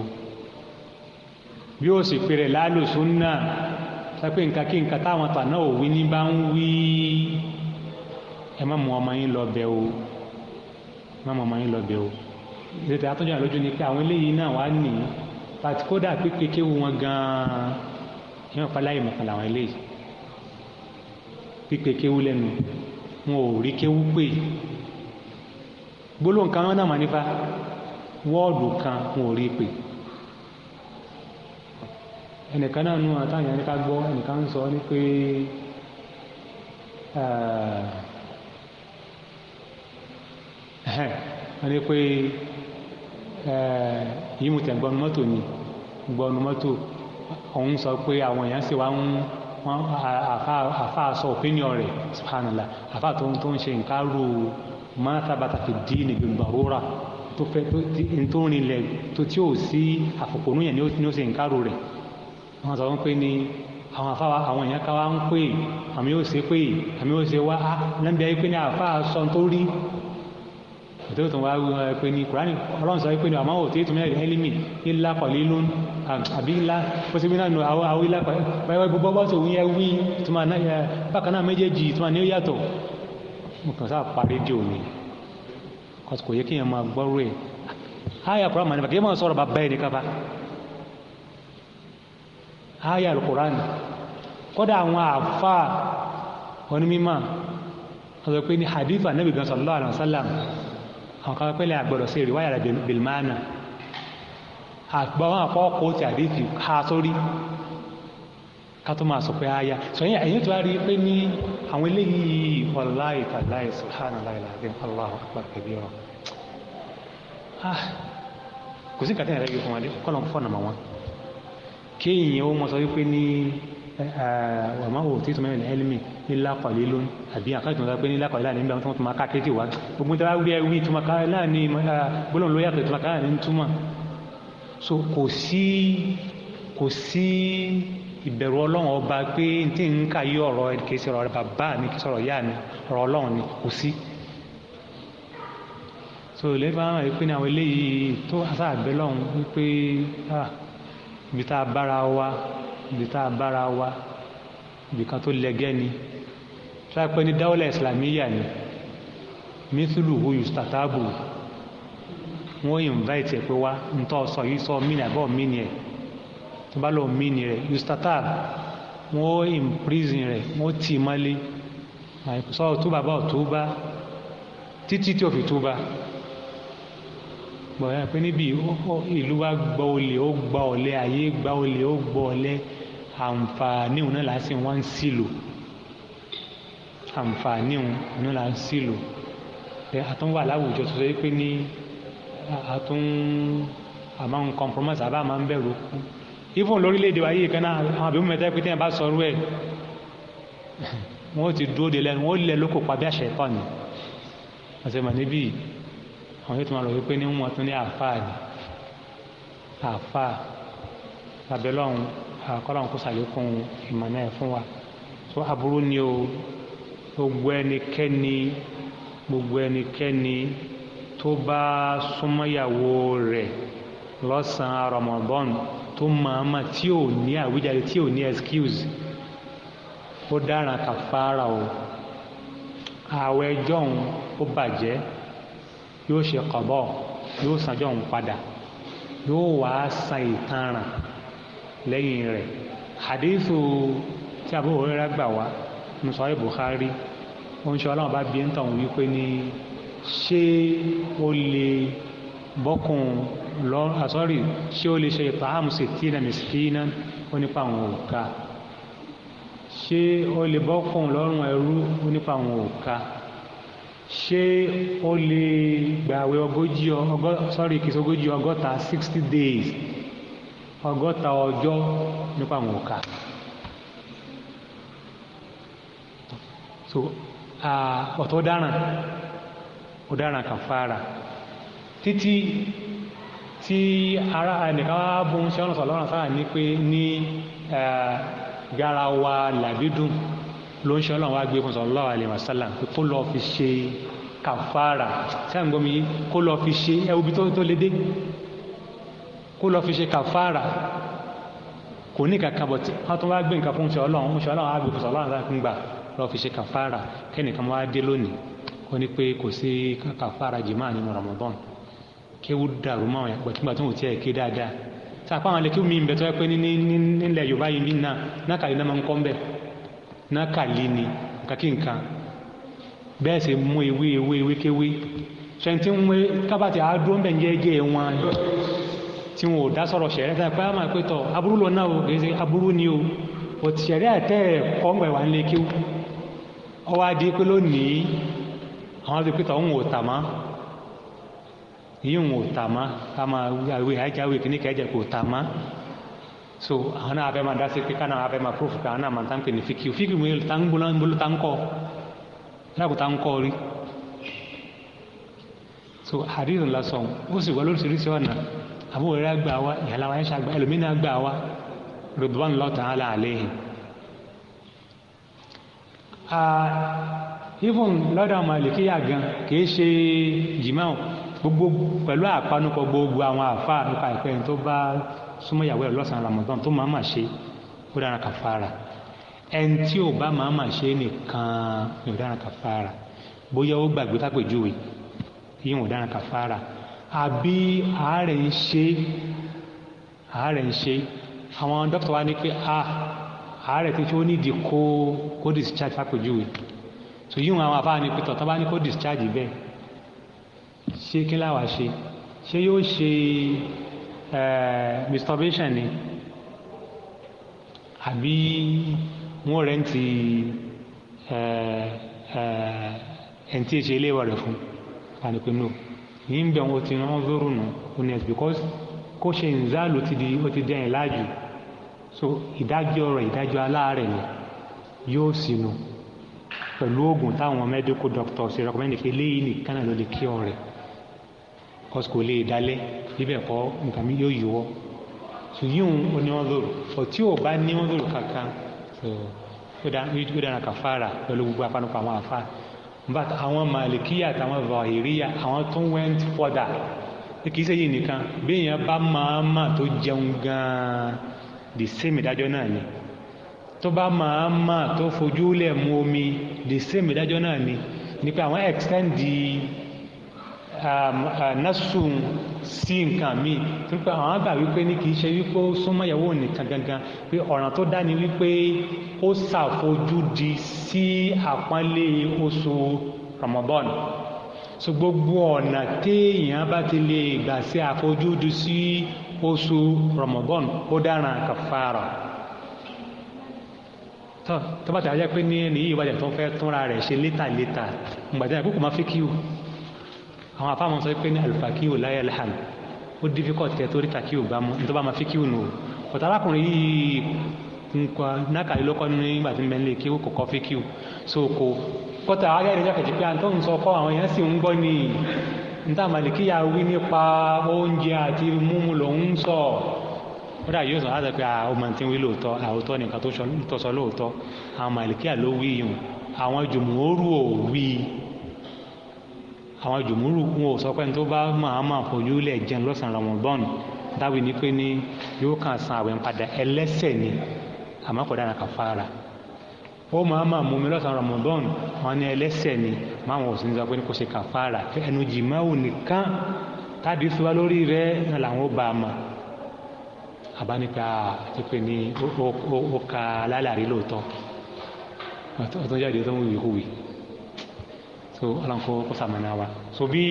bí ó sì pèrè lálùsùnà sápé nǹkan kí nǹkan táwọn tàná ò ní bá ń wí ẹ má mọ ọmọ yín lọ bẹ̀ o ẹ má mọ ọmọ yín lọ bẹ̀ o ìrètè àtọ́jú àlójú ni pé àwọn eléyìí náà wà ní pàtíkódà pípé kéwu wọn gan-an yẹn wọn fàlàyé mọ̀kan làwọn eléyìí pípe kéwú lẹ́nu wọn ò rí kéwú pé gbólóhùn kan wọn náà mà nípa wọ́ọ̀dù kan wọn ò rí pé ẹnìkan náà nù àtàyàn nípa gbọ́ ẹnìkan ń sọ ní pé wọ́n ní pé yìí mo tẹ̀ gbọ́nu mọ́tò ni gbọ́nu mọ́tò òun sọ pé àwọn èèyàn sì wá ń wọn àfa sọ opinion rẹ̀ subhanallah àfa tó ń tó ń ṣe nǹkan ru mọ́tàbàtà fi dí ní gbẹ̀mbàrúra tó fẹ́ tó rinlẹ̀ tó tí ò sí àfòpónú yẹn ní ó ṣe nǹkan ru rẹ̀ wọn sọ pé ní àwọn afáwa àwọn èèyàn ká wá ń pè àmì yóò ṣe pé àmì yóò ṣe wá á lẹ́nbẹ̀ẹ́ pé ní àfa sọ tó rí òtò tó wá wíwọn ẹ pé ní kúránì ọlọ́run sọ pé ní àmọ́ òtò ètò mẹ́rin ẹlẹ́mì ńlá pọ̀lì ló ń àbí ńlá ó sì mìíràn nù àwọn àwọn ńlá pọ̀lì báyọ̀ gbogbo bá tó wíyẹn wí tó máa náà bákan náà méjèèjì tó máa ní ó yàtọ̀ mo kàn sáà pa rédíò ni kọ́sì kò yẹ kí yẹn máa gbọ́rú ẹ̀ áyà kúrán màní bàkì yẹn máa sọ̀rọ̀ bàbá ẹ̀ ní áyà kúrán kọ́dà àwọn àfáà onímọ̀ àwọn pé ní hadith anabi gan sallallahu alaihi wa sallam àwọn kan pẹ́lẹ́ àgbọ̀dọ̀ sí ìrìwáyà rẹ̀ bèlmánà àgbà wọn àkọ́ kó ti àdéhìí ha sórí ká tó máa sọ pé aya sọyìn ẹ̀yìn tó wá rí pé ní àwọn eléyìí wàláì tàláì sùhánà láìláàdé aláwọ̀ àgbà kẹbí ọ̀rọ̀ kò sí kàtẹ́yìn rẹ̀ yìí fún wa dé kọ́nà fọ́nà mọ́ wọn kéèyàn ó mọ sọ wípé ní wà má wò tí tòmẹ́rin ẹlẹ́mì nílá pàlẹ́ lónìí àbí àkàtì tó ń sọ pé nílá pàlẹ́ láàrin nígbà tó ń tún máa ká kéde wá gbogbo tí a wí ẹwí tó máa ká láàrin gbólóhùn lóyà tó ká láàrin túmọ̀ so kò sí kò sí ìbẹ̀rù ọlọ́run ọba pé n tí ń kà yí ọ̀rọ̀ kì í ṣe ọ̀rọ̀ bàbá mi kì í ṣe mi ọ̀rọ̀ ọlọ́run ni kò sí so lẹ́gbàá àwọn ìpín ní àwọn eléyìí tó àṣà àbẹ́lọ́run wípé ibi tá a bára wa ibi tá a bára wa ibi kan tó lẹ́gẹ́ ni tírápẹ́ ní dáwọ́lá ìsìlámíyà ni mísùlù hu yustatabu wọ́n invite ẹ̀ pé wá ntọ́ sọ yìí sọ mí ni àbọ̀ mí ni ẹ̀ tó bá lọ mí ni rẹ̀ yustatab wọ́n imprison rẹ̀ wọ́n tì í mọ́lé àìsọ bá ọ̀túbà títí tí ó fi túbà gbọ̀nyà pé níbi ìlú wa gbọ́ olè ó gbọ́ ọ̀lẹ ayé gbọ́ olè ó gbọ́ ọ̀lẹ àǹfààní òun náà là á sì wọ́n ń sílò àǹfààní òun náà là á sílò àtúnwà láwùjọ tó ṣe pé ní àtún àmọ́ ń compromise àbá máa ń bẹ̀rù kú even lórílẹ̀‐èdè wáyé kan náà àwọn àbí mẹ́ta pé téèyàn bá sọ rú ẹ̀ wọ́n ti dúró de lẹ́nu wọ́n lẹ̀ lóko pa bí àṣẹ tọ̀ ni wọ́n ṣe mọ̀ níbí àwọn yóò tún máa rọ̀ wípé ní wọ́n tún ní àáfàá ni àáfàá abẹ́lọ́run àkọ́lọ́run kó ṣàlékún ìmọ̀ náà fún wa tó aburú ni o gbogbo ẹnikẹ́ni gbogbo ẹnikẹ́ni tó bá súnmọ́yàwó rẹ̀ lọ́sàn-án Ramadan tó màmá tí ò ní àwíjàre tí ò ní excuse ó dáràn kàfàrà o ààwẹ̀ ẹjọ́ òun ó bàjẹ́ yóò ṣe kọ̀bọ̀ yóò sanjọ́ òun padà yóò wá san ìtanràn lẹ́yìn rẹ̀ hadithu tí Abu Hurairah gbà wá nusọ Bukhari ó ń ṣe ọlọ́run bá bí ń tàn wípé ní ṣé ó lè bọ́kùn lọ àsọ́rí ah, ṣé ó lè ṣe ìtààmù sittina miskina ó nípa àwọn òòka ṣé ó lè bọ́kùn lọ́rùn ẹrú ó nípa àwọn òòka ṣé ó lè gbàwé ogójì ọgọ́ sọ́rí kìí ọgọ́ta sixty days ọgọ́ta ọjọ́ nípa àwọn òkà so ọ̀tọ̀ ọ̀daràn ọ̀daràn kan fara títí tí ara ẹnìkan wá bóun ṣe ọ̀nà sọ̀lọ́ràn sára ní pé ní garawa làbídùn ló ń ṣe ọlọ́run wá gbé fún sallallahu alaihi wasallam pé kó lọ fi ṣe kàfàrà sáà ń mi kó lọ fi ṣe ẹwùbí tó lé kó lọ fi ṣe kàfàrà kò ní kankan bọ̀ tí wọ́n tún wá gbé nǹkan fún ṣe ọlọ́run ṣe ọlọ́run àbí fúnṣe ọlọ́run láti gbà lọ fi ṣe kàfàrà kẹ́nìkan wá dé lónìí ó ní pé kò sí kàfàrà jìmá nínú Ramadan kéwú dàrú máwọn yàgbọ tí gbà tó ń wò tí ẹ ké dáadáa tá a pa àwọn alẹ́kíw mi ń bẹ tó yẹ pé nílẹ̀ Yorùbá yìí mí náà nákàlí náà máa ń kọ́ ń nákàlí ni nǹkan nǹkan bẹ́ẹ̀ sì mú ewé ewé ewé kéwé ṣẹ́ntì ń wé kábàtì e, àádó ń bẹ̀ ń jẹ́ ẹgẹ́ wọn tí wọn ò dá sọ̀rọ̀ sẹ̀rẹ̀ fún apá máa pé tọ̀ aburú lọ náà o kì í ṣe aburú ni o but sẹ̀rẹ̀ àtẹ̀ ẹ̀kọ́ ń gbà wá nílé kíw ọwọ́ adé pé lónìí àwọn àti pété ọ̀hún ò tà má yíyún ò tà má ká máa àwé àjáwé kìíní kẹjẹ kò tà má so àwọn náà abẹ́ máa dá sí pé ká náà abẹ́ máa proof ká náà máa tán pè ní fíkì fíkì mi ta ń gbóná ń gbóná ta ń kọ́ ẹ̀rọ ta ń kọ́ rí so àdéhùn lásán ó sì wá lóríṣiríṣi ọ̀nà àbúrẹ́rẹ́ gbà wá ìyàlá wa ẹ̀ṣà gbà ẹlòmínà gbà wá rìdwan lọ́tà á láàlẹ́yìn. even lọ́dọ̀ àwọn màlìkíyà gan kìí ṣe jìmáà gbogbo pẹ̀lú àpanupọ̀ gbogbo àwọn àfáà nípa ìpẹ́ tó bá súnmọ́ ìyàwó ẹ̀ lọ́sàn-án Ramadan tó máa máa ṣe ó dára kàfàrà ẹni tí ò bá máa máa ṣe nìkan ni ò dára kàfàrà bóyá ó gbàgbé tápèjúwe yìí ò dára àbí àárẹ̀ ń ṣe àárẹ̀ ń ṣe àwọn dókítà wa ní pé a àárẹ̀ tí ó nídìí kó kó discharge fàpèjúwe tó yíwọn àwọn afáàní pé tọ̀tọ̀ bá ní kó discharge bẹ́ẹ̀ ṣé kí láwa ṣe ṣé yóò ṣe masturbation ni àbí wọn rẹ̀ ń ti ẹ̀ ẹ̀ ẹ̀ ń tí ì ṣe ilé ìwà rẹ̀ fún wa ni pé no yìí ń bẹ̀ wọn ti rán zoro nù ó ní ẹsẹ̀ because kó ṣe ìzáàlù ti di ó ti dẹ́yìn láàjù so ìdájọ́ rẹ̀ ìdájọ́ aláàárẹ̀ ni yóò sì nù pẹ̀lú oògùn táwọn medical doctors ṣe recommend pé léyìí nìkan náà ló lè kí ọ̀rẹ́ cause kò lè dalẹ̀ bíbẹ̀ kọ́ nǹkan mi yóò yíwọ́ so yíyún ó ní wọn zoro ọ̀ tí ò bá ní wọn zoro kankan so ó dára kàfàrà pẹ̀lú gbogbo apanupọ̀ àwọn but àwọn malikiya àtàwọn vahiriya àwọn tó went further kì í ṣe yìí nìkan bí èèyàn bá màámà tó jẹun gan-an the same ìdájọ́ náà ni tó bá màámà tó fojú lẹ̀ mu omi the same ìdájọ́ náà ni ni pé àwọn extend the. Um, uh, nasun sí nǹkan mi torí pé àwọn àgbà wípé ní kìí ṣe wípé ó súnmọ́ ìyàwó nìkan gangan pé ọ̀ràn tó dá ni wípé ó ṣàfojúdi sí àpọ́nlé oṣù Ramadan so gbogbo ọ̀nà téèyàn bá ti lè gbà sí àfojúdi sí oṣù Ramadan ó dára kàfàrà tó bá ti àjẹ́ pé ní ẹni yìí ìwádìí tó fẹ́ túnra rẹ̀ ṣe létàlétà ìgbàdàn àkókò máa fi kí o àwọn afáàmù sọ pé ní alifakiu láyà lẹ́hàn ó difficult kẹ́ torí takiu bá mu nítorí bá ma fi kiu nù ọ̀tá arákùnrin yìí nǹkan nákàlí lọ́kọ́ nínú nígbà tí mẹ́lẹ̀ kí kò kọ́ fi kiu so kò kọ́tà ayé ìrìnàjò kejì pé àǹtọ́ ń sọ kọ́ àwọn èèyàn sì ń gbọ́ ni níta màlìkíyà wí nípa oúnjẹ àti mímu ló ń sọ wọ́n dà yóò sọ láti pé ọmọ tí ń wí lóòótọ́ àwòtọ́ nìkan tó sọ lóòótọ́ àwọn màlìkíyà ló wí yìí àwọn jùmọ̀ ó rú òwì àwọn jòmúrù ń wò sọ pé ní tó bá máa máa fojú lẹ̀ jẹun lọ́sàn-án Ramadan dáwì ní pé ní yóò kàn san àwẹ̀ padà ẹlẹ́sẹ̀ ni àmọ́ kò dára kàfàrà ó máa máa mú mi lọ́sàn-án Ramadan wọn ní ẹlẹ́sẹ̀ ni máa wọn ò sì ní sọ pé ní kò ṣe kàfàrà ẹnu jìmáwò nìkan tàbí fúwa lórí rẹ náà làwọn ó bá a mọ̀ àbánípa àti pé ní ó ka alálàrí lóòótọ́ ọ̀tún jáde tó ń wíwí so ọlọ́nkọ́ kó sàmànà wa so bí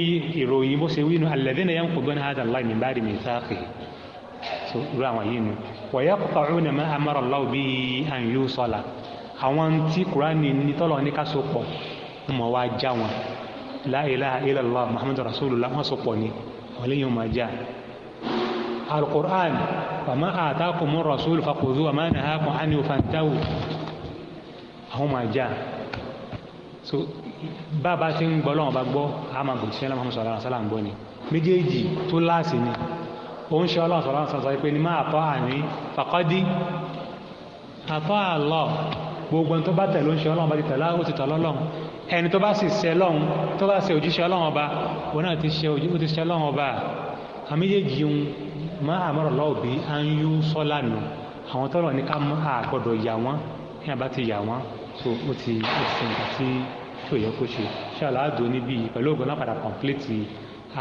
ìròyìn bó ṣe wí nu alladhina yanquduna hadha Allahi min ba'di mithaqihi so irú àwọn yìí nu wa yaqta'una ma amara Allahu bihi an yusala àwọn tí kúránì ní tọ́lọ̀ ní ká so pọ̀ ń mọ̀ wá já wọn la ilaha illallah muhammadu rasulullah wọn so pọ̀ ni wọ́n lè yẹn mọ̀ já alukur'an wàmà àtàkùn rasulu fakùdù wàmà nàhàkùn ànìwò fàǹtàwù àwọn mọ̀ já so bàbá ti ń gbọ́ lọ́wọ́ bá gbọ́ àmà gbòòtì sẹ́lẹ̀ mọ́mọ́ sọ̀rọ̀ àṣàlà ń gbọ́ ni méjèèjì tó láàsì ni òun ṣe ọlọ́run sọ̀rọ̀ àṣàlà sọ pé ní máa tọ́ àní fàkọ́dí àtọ́ àlọ́ gbogbo ẹni tó bá tẹ̀lé oúnṣẹ́ ọlọ́run bá ti tẹ̀lé ó ti tẹ̀lé ọlọ́run ẹni tó bá sì ṣe lọ́run tó bá ṣe òjíṣẹ́ ọlọ́run ọba òun náà ti ṣe ó ti ṣe ọlọ́run ọba tí ò yẹ kó ṣe ṣáàlà àdó níbí pẹ̀lú ògbọ́n náà padà kọ̀ǹpléètì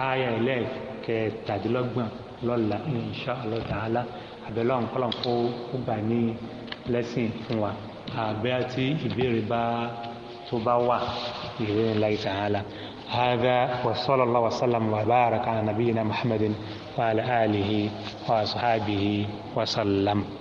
ààyè ẹlẹ́ẹ̀kẹtàdínlọ́gbọ̀n lọ́la insha Allah ta'ala àbẹ̀lọ́ nǹkan kó gbà ní lẹ́sìn fún wa àbẹ́ àti ìbéèrè bá tó bá wà ìrìn láì ta'ala. هذا وصلى الله وسلم وبارك على نبينا محمد وعلى آله وأصحابه وسلم